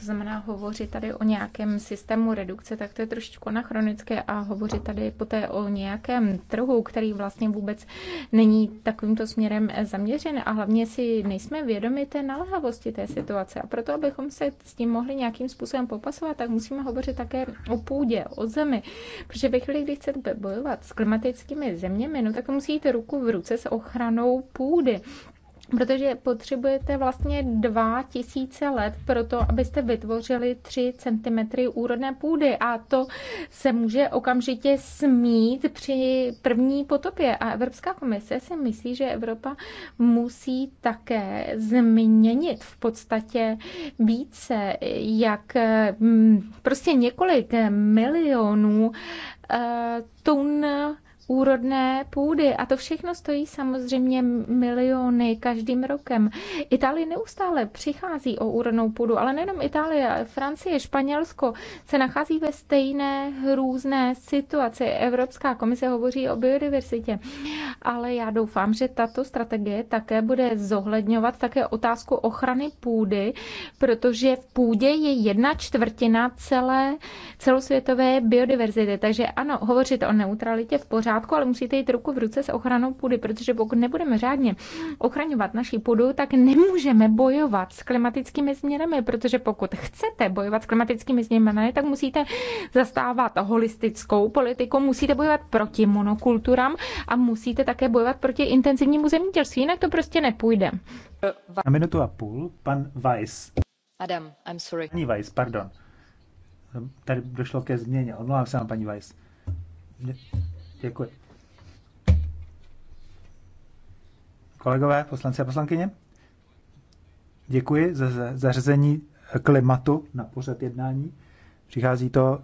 to znamená hovořit tady o nějakém systému redukce, tak to je trošičku anachronické a hovořit tady poté o nějakém trhu, který vlastně vůbec není takovýmto směrem zaměřen a hlavně si nejsme vědomi té naléhavosti té situace. A proto, abychom se s tím mohli nějakým způsobem popasovat, tak musíme hovořit také o půdě, o zemi, protože ve chvíli, kdy chcete bojovat s klimatickými zeměmi, no tak musíte ruku v ruce s ochranou půdy protože potřebujete vlastně 2000 let pro to, abyste vytvořili 3 cm úrodné půdy a to se může okamžitě smít při první potopě. A Evropská komise si myslí, že Evropa musí také změnit v podstatě více, jak mm, prostě několik milionů eh, tun úrodné půdy. A to všechno stojí samozřejmě miliony každým rokem. Itálie neustále přichází o úrodnou půdu, ale nejenom Itálie, Francie, Španělsko se nachází ve stejné hrůzné situaci. Evropská komise hovoří o biodiverzitě, ale já doufám, že tato strategie také bude zohledňovat také otázku ochrany půdy, protože v půdě je jedna čtvrtina celé celosvětové biodiverzity. Takže ano, hovořit o neutralitě v pořádku, pořádku, ale musíte jít ruku v ruce s ochranou půdy, protože pokud nebudeme řádně ochraňovat naši půdu, tak nemůžeme bojovat s klimatickými změnami, protože pokud chcete bojovat s klimatickými změnami, tak musíte zastávat holistickou politiku, musíte bojovat proti monokulturám a musíte také bojovat proti intenzivnímu zemědělství, jinak to prostě nepůjde. Na minutu a půl pan Weiss. Adam, I'm sorry. Pani Weiss, pardon. Tady došlo ke změně. Omlouvám se vám, paní Weiss. Děkuji. Kolegové, poslanci a poslankyně, děkuji za zařazení klimatu na pořad jednání. Přichází to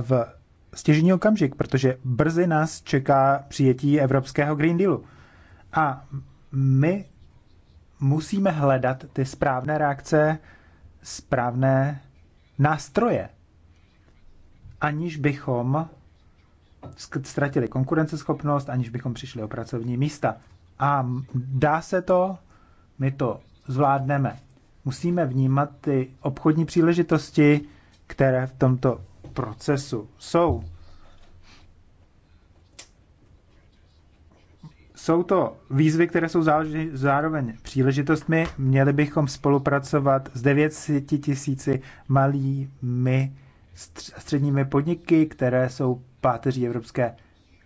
v stěžení okamžik, protože brzy nás čeká přijetí Evropského Green Dealu. A my musíme hledat ty správné reakce, správné nástroje, aniž bychom ztratili konkurenceschopnost, aniž bychom přišli o pracovní místa. A dá se to, my to zvládneme. Musíme vnímat ty obchodní příležitosti, které v tomto procesu jsou. Jsou to výzvy, které jsou zároveň příležitostmi. Měli bychom spolupracovat s 900 tisíci malými středními podniky, které jsou páteří evropské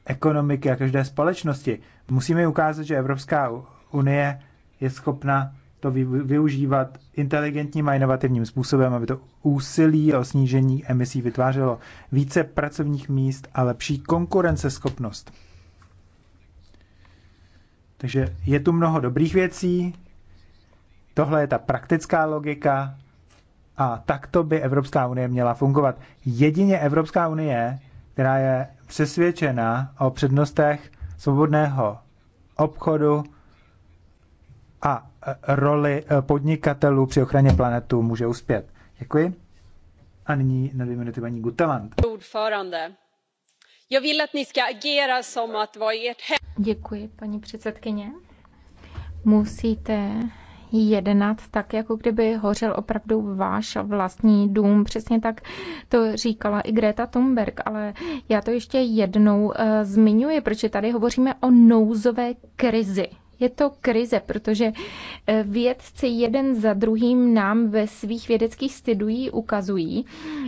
ekonomiky a každé společnosti. Musíme ukázat, že Evropská unie je schopna to využívat inteligentním a inovativním způsobem, aby to úsilí o snížení emisí vytvářelo více pracovních míst a lepší konkurenceschopnost. Takže je tu mnoho dobrých věcí, tohle je ta praktická logika a tak to by Evropská unie měla fungovat. Jedině Evropská unie, která je přesvědčena o přednostech svobodného obchodu a e, roli e, podnikatelů při ochraně planetu, může uspět. Děkuji. A nyní na dvě minuty paní Gutaland. Děkuji, paní předsedkyně. Musíte jednat tak, jako kdyby hořel opravdu váš vlastní dům. Přesně tak to říkala i Greta Thunberg, ale já to ještě jednou uh, zmiňuji, protože tady hovoříme o nouzové krizi je to krize, protože eh, vědci jeden za druhým nám ve svých vědeckých studií ukazují,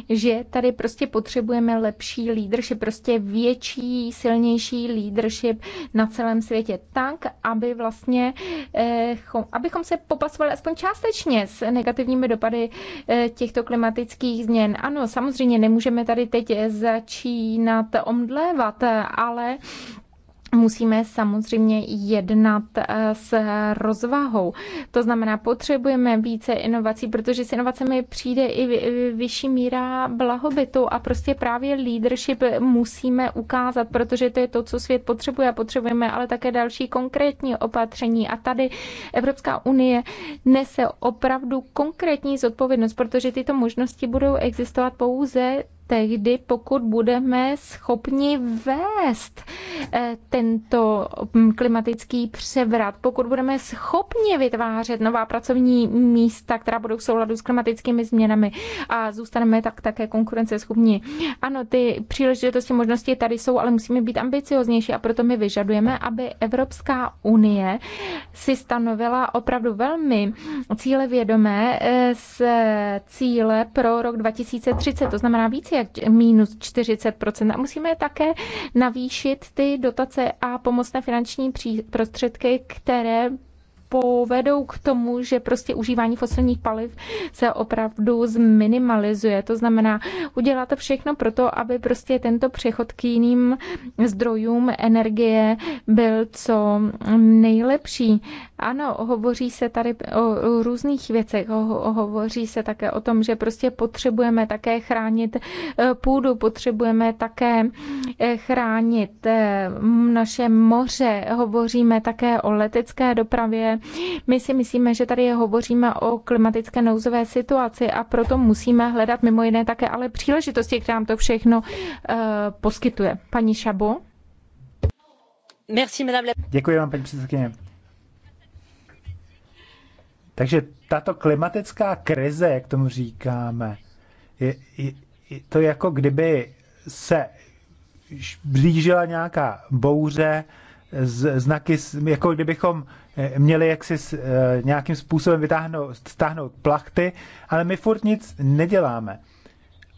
že tady prostě potřebujeme lepší leadership, prostě větší, silnější leadership na celém světě, tak, aby vlastně, eh, abychom se popasovali aspoň částečně s negativními dopady eh, těchto klimatických změn. Ano, samozřejmě nemůžeme tady teď začínat omdlévat, ale musíme samozřejmě jednat eh, s rozvahou. To znamená, potřebujeme více inovací, protože s inovacemi přijde i vyšší míra blahobytu a prostě právě leadership musíme ukázat, protože to je to, co svět potřebuje a potřebujeme ale také další konkrétní opatření. A tady Evropská unie nese opravdu konkrétní zodpovědnost, protože tyto možnosti budou existovat pouze tehdy, pokud budeme schopni vést eh, tento mm, klimatický převrat, pokud budeme schopni vytvářet nová pracovní místa, která budou v souladu s klimatickými změnami a zůstaneme tak také konkurenceschopní. Ano, ty příležitosti, možnosti tady jsou, ale musíme být ambicioznější a proto my vyžadujeme, aby Evropská unie si stanovila opravdu velmi cílevědomé z eh, cíle pro rok 2030, to znamená více jak minus 40%. A musíme také navýšit ty dotace a pomocné finanční prostředky, které povedou k tomu, že prostě užívání fosilních paliv se opravdu zminimalizuje. To znamená, uděláte všechno pro to, aby prostě tento přechod k jiným zdrojům energie byl co nejlepší. Ano, hovoří se tady o různých věcech. Hovoří se také o tom, že prostě potřebujeme také chránit eh, půdu, potřebujeme také eh, chránit eh, naše moře. Hovoříme také o letecké dopravě, my si myslíme, že tady hovoříme o klimatické nouzové situaci a proto musíme hledat mimo jiné také ale příležitosti, které nám to všechno uh, poskytuje. Paní Šabo? Děkuji vám, paní předsedkyně. Takže tato klimatická krize, jak tomu říkáme, je, je, je to jako kdyby se blížila nějaká bouře znaky, jako kdybychom eh, měli jaksi eh, nějakým způsobem vytáhnout, stáhnout plachty, ale my furt nic neděláme.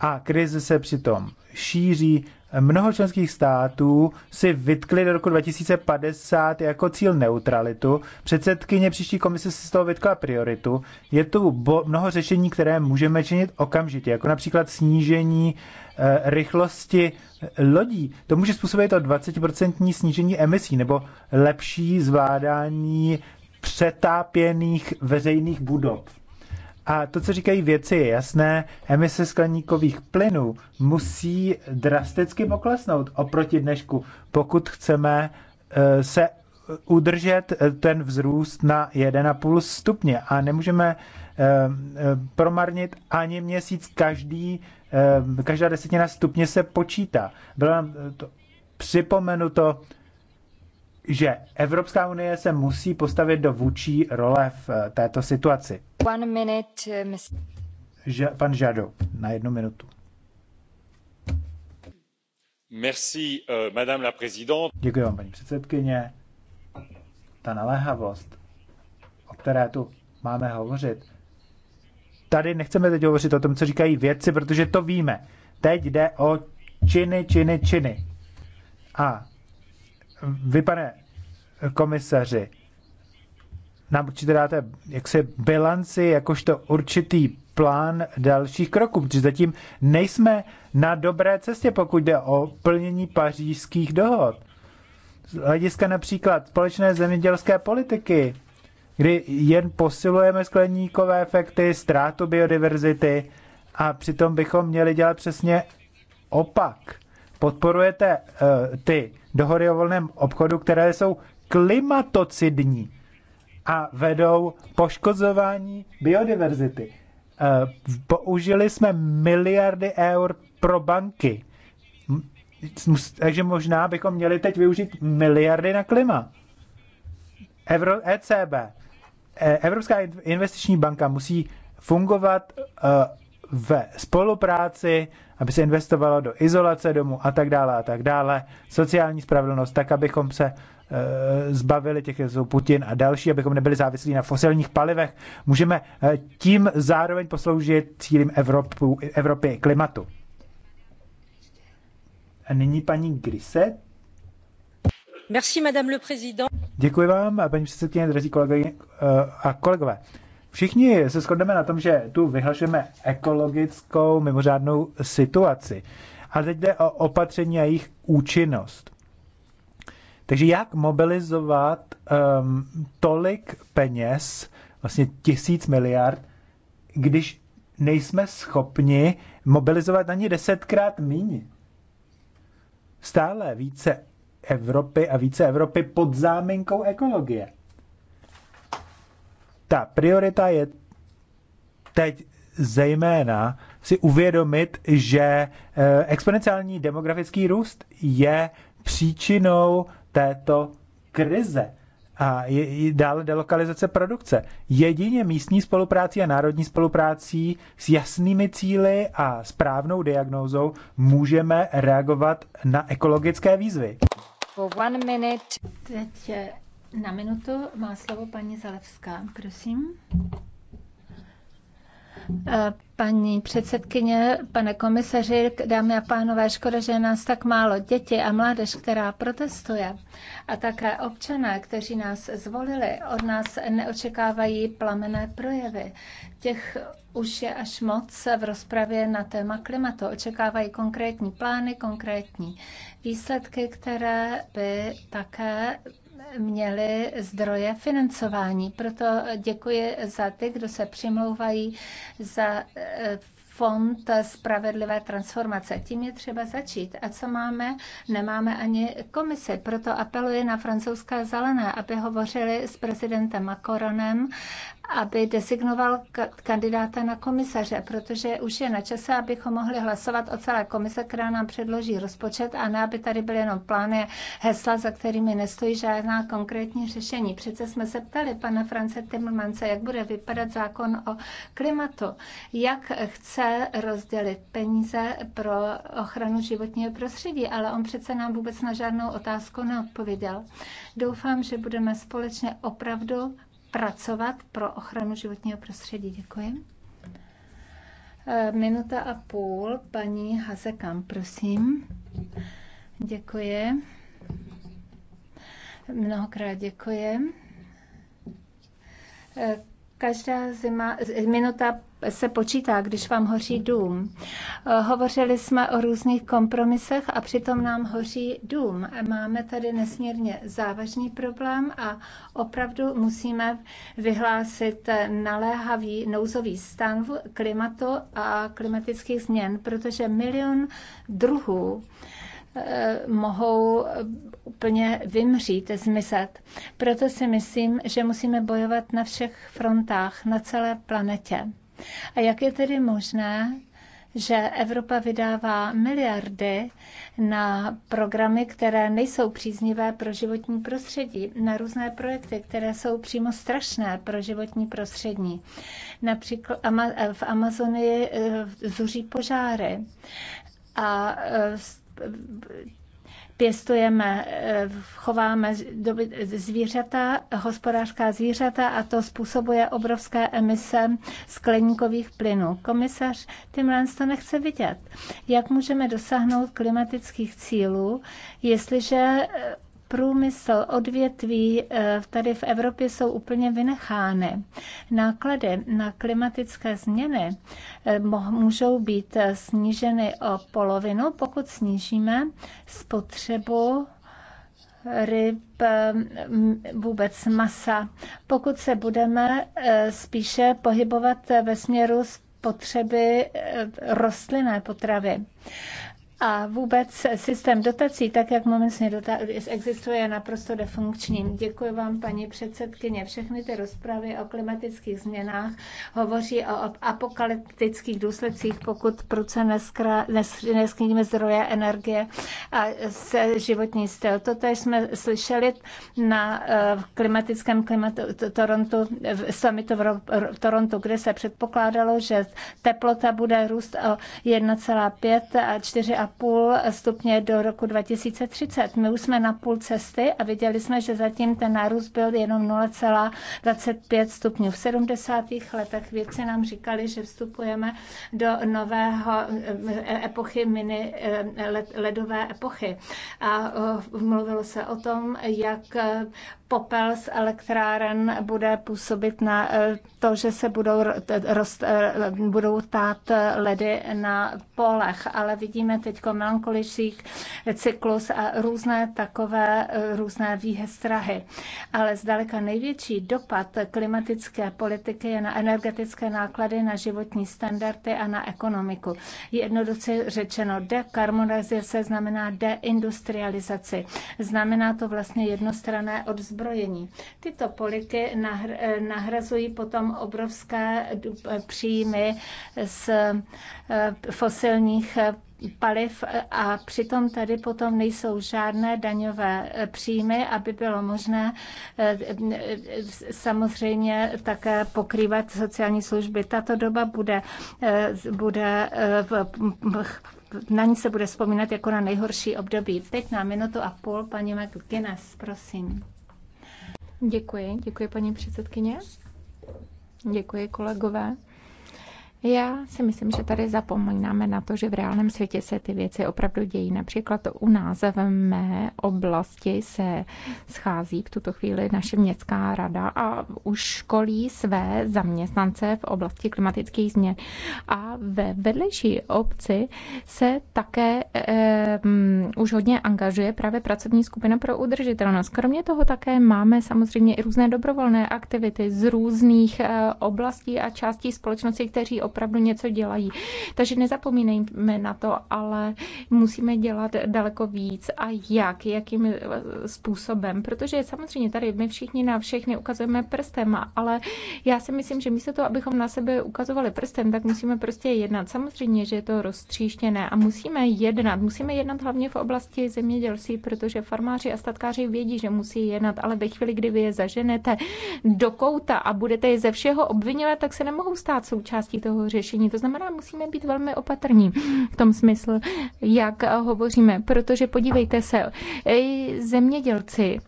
A krize se přitom šíří, Mnoho členských států si vytkli do roku 2050 jako cíl neutralitu. Předsedkyně příští komise si z toho vytkla prioritu. Je tu mnoho řešení, které můžeme činit okamžitě, jako například snížení e, rychlosti lodí. To může způsobit o 20% snížení emisí nebo lepší zvládání přetápěných veřejných budov. A to, co říkají věci, je jasné. Emise skleníkových plynů musí drasticky poklesnout oproti dnešku, pokud chceme eh, se udržet eh, ten vzrůst na 1,5 stupně. A nemůžeme eh, promarnit ani měsíc. Každý, každá desetina stupně se počítá. Bylo nám to připomenuto že Evropská unie se musí postavit do vůči role v eh, této situaci. One minute, eh, mis- Že, pan Žado, na jednu minutu. Merci, uh, madame la présidente. Děkuji vám, paní předsedkyně. Ta naléhavost, o které tu máme hovořit, tady nechceme teď hovořit o tom, co říkají vědci, protože to víme. Teď jde o činy, činy, činy. A vy, pane komisaři, nám určitě dáte jaksi bilanci, jakožto určitý plán dalších kroků, protože zatím nejsme na dobré cestě, pokud jde o plnění pařížských dohod. Z hlediska například společné zemědělské politiky, kdy jen posilujeme skleníkové efekty, ztrátu biodiverzity a přitom bychom měli dělat přesně opak podporujete eh, ty dohody o volném obchodu, které jsou klimatocidní a vedou poškozování biodiverzity. Eh, použili jsme miliardy eur pro banky. Takže možná bychom měli teď využít miliardy na klima. Evro, ECB, eh, Evropská investiční banka musí fungovat ve spolupráci, aby se investovalo do izolace domu a tak dále a tak dále, sociální spravedlnost, tak abychom se e, zbavili těch, jsou Putin a další, abychom nebyli závislí na fosilních palivech. Můžeme e, tím zároveň posloužit cílím Evropu, Evropy klimatu. A nyní paní Griset. Merci, madame le président. Děkuji vám, paní předsedkyně, drazí kolegové e, a kolegové. Všichni se shodneme na tom, že tu vyhlašujeme ekologickou mimořádnou situaci. Ale teď jde o opatření a jejich účinnost. Takže jak mobilizovat um, tolik peněz, vlastně tisíc miliard, když nejsme schopni mobilizovat ani desetkrát míň. Stále více Evropy a více Evropy pod záminkou ekologie. Ta priorita je teď zejména si uvědomit, že eh, exponenciální demografický růst je příčinou této krize a je, dále delokalizace produkce. Jedině místní spoluprácí a národní spoluprácí s jasnými cíly a správnou diagnózou můžeme reagovat na ekologické výzvy. Na minutu má slovo paní Zalevská, prosím. Eh, paní předsedkyně, pane komisaři, dámy a pánové, škoda, že je nás tak málo děti a mládež, která protestuje a také občané, kteří nás zvolili, od nás neočekávají plamené projevy. Těch už je až moc v rozpravě na téma klimatu. Očekávají konkrétní plány, konkrétní výsledky, které by také měli zdroje financování. Proto děkuji za ty, kdo se přimlouvají za e, fond spravedlivé transformace. Tím je třeba začít. A co máme? Nemáme ani komisi. Proto apeluji na francouzské zelené, aby hovořili s prezidentem Macronem aby designoval kandidáta na komisaře, protože už je na čase, abychom mohli hlasovat o celé komise, která nám předloží rozpočet a ne, aby tady byly jenom plány, hesla, za kterými nestojí žádná konkrétní řešení. Přece jsme se ptali pana France Timmermanse, jak bude vypadat zákon o klimatu, jak chce rozdělit peníze pro ochranu životního prostředí, ale on přece nám vůbec na žádnou otázku neodpověděl. Doufám, že budeme společně opravdu pracovat pro ochranu životního prostředí. Děkuji. E, minuta a půl, paní Hazekam, prosím. Děkuji. Mnohokrát děkuji. E, Každá zima, minuta se počítá, když vám hoří dům. Eh, hovořili jsme o různých kompromisech a přitom nám hoří dům. Máme tady nesmírně závažný problém a opravdu musíme vyhlásit naléhavý nouzový stan klimatu a klimatických změn, protože milion druhů eh, mohou úplně vymřít, zmizet. Proto si myslím, že musíme bojovat na všech frontách, na celé planetě. A jak je tedy možné, že Evropa vydává miliardy na programy, které nejsou příznivé pro životní prostředí, na různé projekty, které jsou přímo strašné pro životní prostředí. Například v Amazonii eh, zuří požáry a eh, pěstujeme, eh, chováme zvířata, hospodářská zvířata a to způsobuje obrovské emise skleníkových plynů. Komisař Timmermans to nechce vidět. Jak můžeme dosáhnout klimatických cílů, jestliže eh, průmysl, odvětví eh, tady v Evropě jsou úplně vynechány. Náklady na klimatické změny eh, můžou být eh, sníženy o polovinu, pokud snížíme spotřebu ryb, vůbec masa. Pokud se budeme spíše pohybovat ve směru spotřeby rostlinné potravy. A vůbec systém dotací, tak jak momentně existuje, je naprosto defunkční. Děkuji vám, paní předsedkyně. Všechny ty rozpravy o klimatických změnách hovoří o apokalyptických důsledcích, pokud pruce neskníme zdroje energie a se životní styl. To Totež jsme slyšeli na eh, klimatickém klimatu, Torontu, summitu v Torontu, kde se předpokládalo, že teplota bude růst o 1,5 a 4,5 1,5 stupně do roku 2030. My už jsme na půl cesty a viděli jsme, že zatím ten nárůst byl jenom 0,25 stupňů. V 70. letech vědci nám říkali, že vstupujeme do nového eh, epochy mini eh, ledové epochy. A eh, mluvilo se o tom, jak popel z elektráren bude působit na eh, to, že se budou, rost, eh, budou tát eh, ledy na polech, ale vidíme teď melankoličík cyklus a různé takové různé výhestrahy. Ale zdaleka největší dopad klimatické politiky je na energetické náklady, na životní standardy a na ekonomiku. Jednoduše řečeno, dekarbonizace znamená deindustrializaci. Znamená to vlastně jednostranné odvzdání zbrojení. Tyto poliky nahrazují potom obrovské eh, příjmy z eh, fosilních eh, paliv a přitom tady potom nejsou žádné daňové příjmy, aby bylo možné samozřejmě také pokrývat sociální služby. Tato doba bude, bude na ní se bude vzpomínat jako na nejhorší období. Teď na minutu a půl paní McGuinness, prosím. Děkuji, děkuji paní předsedkyně. Děkuji kolegové. Já si myslím, že tady zapomínáme na to, že v reálném světě se ty věci opravdu dějí. Například u nás v mé oblasti se schází v tuto chvíli naše městská rada a už školí své zaměstnance v oblasti klimatických změn. A ve vedlejší obci se také eh, už hodně angažuje právě pracovní skupina pro udržitelnost. Kromě toho také máme samozřejmě i různé dobrovolné aktivity z různých eh, oblastí a částí společnosti, kteří opravdu něco dělají. Takže nezapomínejme na to, ale musíme dělat daleko víc a jak, jakým způsobem, protože samozřejmě tady my všichni na všechny ukazujeme prstem, ale já si myslím, že místo toho, abychom na sebe ukazovali prstem, tak musíme prostě jednat. Samozřejmě, že je to roztříštěné a musíme jednat. Musíme jednat hlavně v oblasti zemědělství, protože farmáři a statkáři vědí, že musí jednat, ale ve chvíli, kdy vy je zaženete do kouta a budete je ze všeho obvinovat, tak se nemohou stát součástí toho toho řešení. To znamená, musíme být velmi opatrní v tom smyslu, jak hovoříme, protože podívejte se, zemědělci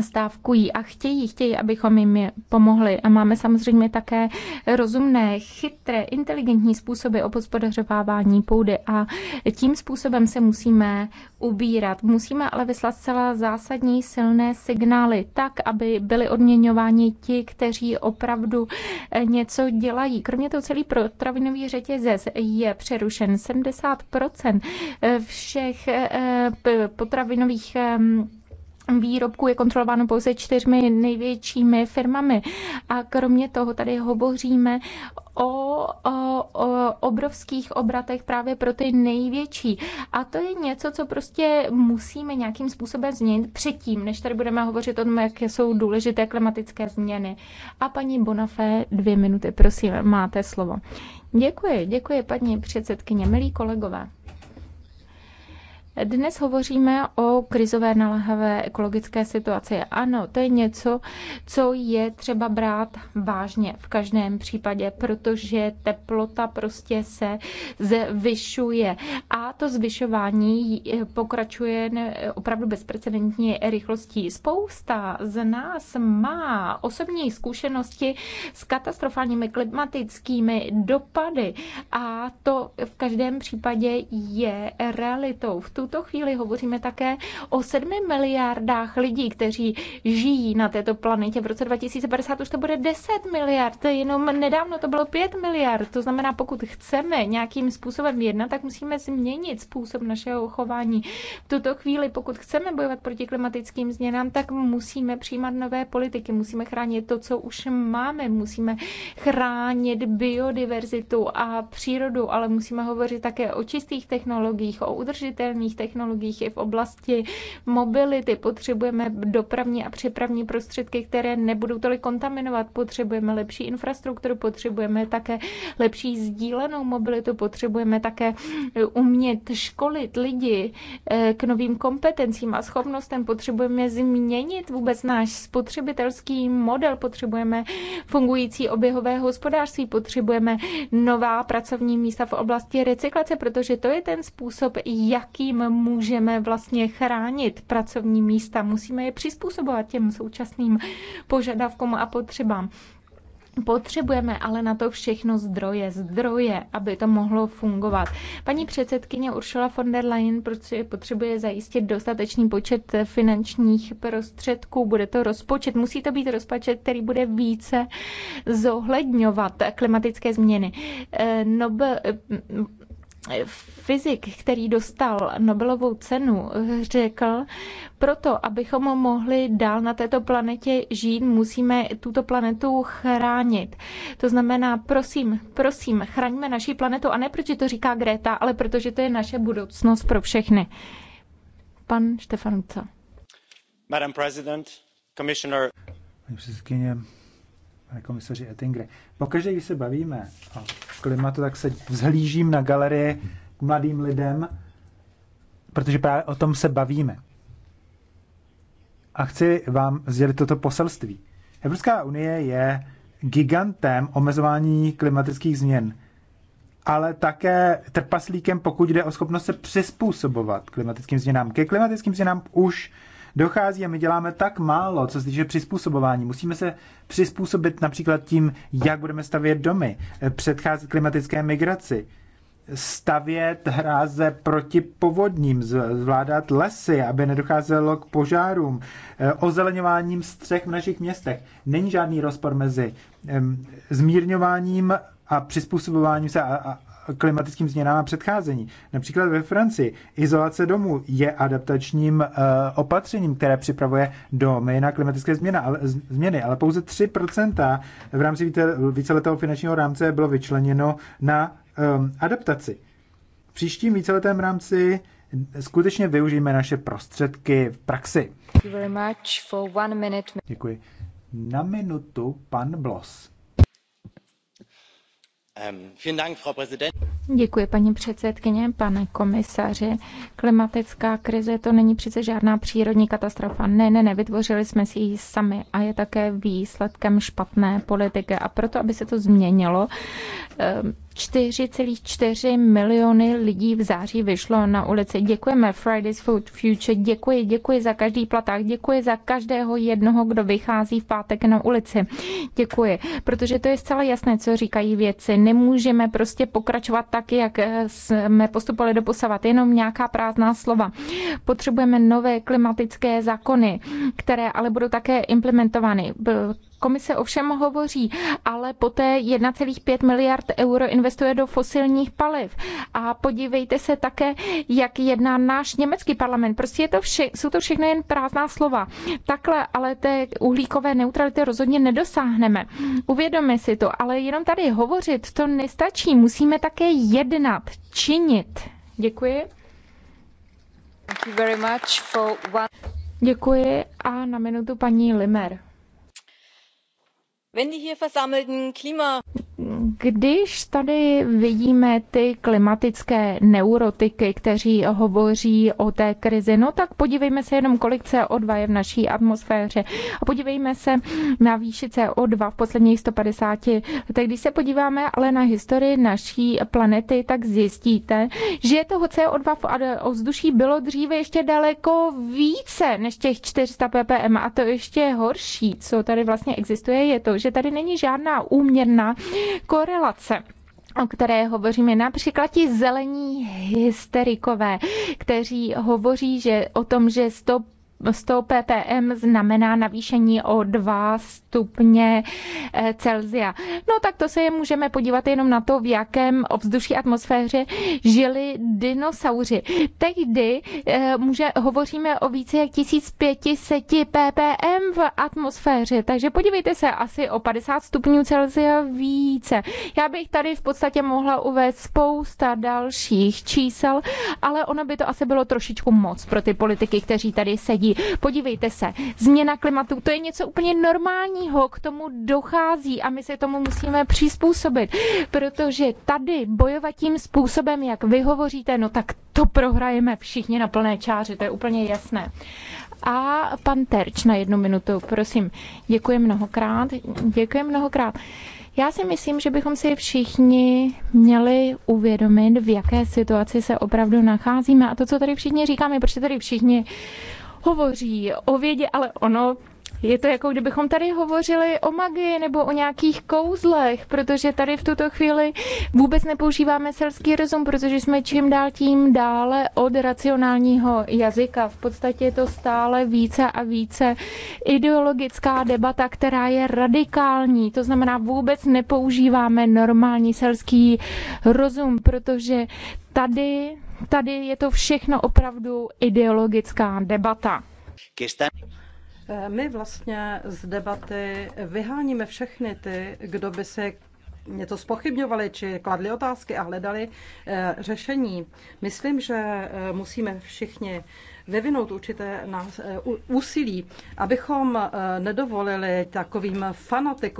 stávkují a chtějí, chtějí, abychom jim pomohli. A máme samozřejmě také rozumné, chytré, inteligentní způsoby opospodařovávání půdy a tím způsobem se musíme ubírat. Musíme ale vyslat celá zásadní silné signály tak, aby byli odměňováni ti, kteří opravdu eh, něco dělají. Kromě toho celý protravinový řetězec je přerušen. 70% eh, všech eh, potravinových ehm, výrobků je kontrolováno pouze čtyřmi největšími firmami. A kromě toho tady hovoříme o, o, o obrovských obratech právě pro ty největší. A to je něco, co prostě musíme nějakým způsobem změnit předtím, než tady budeme hovořit o tom, jak jsou důležité klimatické změny. A paní Bonafé, dvě minuty, prosím, máte slovo. Děkuji, děkuji paní předsedkyně, milí kolegové. Dnes hovoříme o krizové naléhavé ekologické situaci. Ano, to je něco, co je třeba brát vážně v každém případě, protože teplota prostě se zvyšuje a to zvyšování pokračuje opravdu bezprecedentní rychlostí. Spousta z nás má osobní zkušenosti s katastrofálními klimatickými dopady a to v každém případě je realitou. V tu tuto chvíli hovoříme také o 7 miliardách lidí, kteří žijí na této planetě. V roce 2050 už to bude 10 miliard, jenom nedávno to bylo 5 miliard. To znamená, pokud chceme nějakým způsobem jednat, tak musíme změnit způsob našeho chování. V tuto chvíli, pokud chceme bojovat proti klimatickým změnám, tak musíme přijímat nové politiky, musíme chránit to, co už máme, musíme chránit biodiverzitu a přírodu, ale musíme hovořit také o čistých technologiích, o udržitelných nových technologiích, i v oblasti mobility. Potřebujeme dopravní a přepravní prostředky, které nebudou tolik kontaminovat. Potřebujeme lepší infrastrukturu, potřebujeme také lepší sdílenou mobilitu, potřebujeme také eh, umět školit lidi eh, k novým kompetencím a schopnostem. Potřebujeme změnit vůbec náš spotřebitelský model, potřebujeme fungující oběhové hospodářství, potřebujeme nová pracovní místa v oblasti recyklace, protože to je ten způsob, jakým můžeme vlastně chránit pracovní místa. Musíme je přizpůsobovat těm současným požadavkům a potřebám. Potřebujeme ale na to všechno zdroje, zdroje, aby to mohlo fungovat. Paní předsedkyně Uršula von der Leyen prostě potřebuje zajistit dostatečný počet finančních prostředků. Bude to rozpočet, musí to být rozpočet, který bude více zohledňovat klimatické změny. Eh, Nobel, fyzik, který dostal Nobelovou cenu, řekl, proto, abychom mohli dál na této planetě žít, musíme tuto planetu chránit. To znamená, prosím, prosím, chraňme naši planetu a ne protože to říká Greta, ale protože to je naše budoucnost pro všechny. Pan Štefanca. Madam President, Commissioner pane komisaři Ettingre. Pokaždé, když se bavíme o klimatu, tak se vzhlížím na galerie k mladým lidem, protože právě o tom se bavíme. A chci vám sdělit toto poselství. Evropská unie je gigantem omezování klimatických změn, ale také trpaslíkem, pokud jde o schopnost se přizpůsobovat klimatickým změnám. Ke klimatickým změnám už dochází a my děláme tak málo, co se týče přizpůsobování. Musíme se přizpůsobit například tím, jak budeme stavět domy, eh, předcházet klimatické migraci, stavět hráze proti povodním, zvládat lesy, aby nedocházelo k požárům, eh, ozeleňováním střech v našich městech. Není žádný rozpor mezi zmírňováním a přizpůsobováním se a, a, klimatickým změnám a předcházení. Například ve Francii izolace domů je adaptačním eh, opatřením, které připravuje domy na klimatické změny, ale, změny, ale pouze 3% v rámci víceletého finančního rámce bylo vyčleněno na ehm, adaptaci. V příštím víceletém rámci skutečně využijeme naše prostředky v praxi. Děkuji. Na minutu pan Blos. Ehm, Děkuji, paní předsedkyně, pane komisaři. Klimatická krize to není přece žádná přírodní katastrofa. Ne, ne, ne, vytvořili jsme si ji sami a je také výsledkem špatné politiky. A proto, aby se to změnilo, ehm, 4,4 miliony lidí v září vyšlo na ulici. Děkujeme Fridays for Future, děkuji, děkuji za každý platák, děkuji za každého jednoho, kdo vychází v pátek na ulici. Děkuji, protože to je zcela jasné, co říkají věci. Nemůžeme prostě pokračovat tak, jak eh, jsme postupovali do posavat, jenom nějaká prázdná slova. Potřebujeme nové klimatické zákony, které ale budou také implementovány. Komise ovšem hovoří, ale poté 1,5 miliard euro investuje do fosilních paliv. A podívejte se také, jak jedná náš německý parlament. Prostě je to vše, jsou to všechno jen prázdná slova. Takhle ale té uhlíkové neutrality rozhodně nedosáhneme. Uvědomme si to, ale jenom tady hovořit to nestačí. Musíme také jednat, činit. Děkuji. Děkuji a na minutu paní Limer wenn die hier versammelten klima. Když tady vidíme ty klimatické neurotiky, kteří hovoří o té krizi, no tak podívejme se jenom, kolik CO2 je v naší atmosféře a podívejme se na výši CO2 v posledních 150. Tak když se podíváme ale na historii naší planety, tak zjistíte, že toho CO2 v ovzduší bylo dříve ještě daleko více než těch 400 ppm a to ještě horší, co tady vlastně existuje, je to, že tady není žádná úměrná korelace o které hovoříme, například ti zelení hysterikové, kteří hovoří že o tom, že 100 100 PPM znamená navýšení o 2 stupně eh, Celzia. No tak to se je můžeme podívat jenom na to, v jakém ovzduší atmosféře žili dinosauři. Tehdy eh, může, hovoříme o více jak 1500 ppm v atmosféře, takže podívejte se, asi o 50 stupňů Celzia více. Já bych tady v podstatě mohla uvést spousta dalších čísel, ale ono by to asi bylo trošičku moc pro ty politiky, kteří tady sedí. Podívejte se, změna klimatu, to je něco úplně normálního, k tomu dochází a my se tomu musíme přizpůsobit, protože tady bojovat tím způsobem, jak vy hovoříte, no tak to prohrajeme všichni na plné čáři, to je úplně jasné. A pan Terč na jednu minutu, prosím. Děkuji mnohokrát. Děkuji mnohokrát. Já si myslím, že bychom si všichni měli uvědomit, v jaké situaci se opravdu nacházíme. A to, co tady všichni říkáme, protože tady všichni hovoří o vědě, ale ono je to jako kdybychom tady hovořili o magii nebo o nějakých kouzlech, protože tady v tuto chvíli vůbec nepoužíváme selský rozum, protože jsme čím dál tím dále od racionálního jazyka. V podstatě je to stále více a více ideologická debata, která je radikální. To znamená, vůbec nepoužíváme normální selský rozum, protože tady Tady je to všechno opravdu ideologická debata. Eh, my vlastně z debaty vyháníme všechny ty, kdo by se něco spochybňovali či kladli otázky a hledali eh, řešení. Myslím, že eh, musíme všichni vyvinout určité úsilí, abychom nedovolili takovým fanatikům,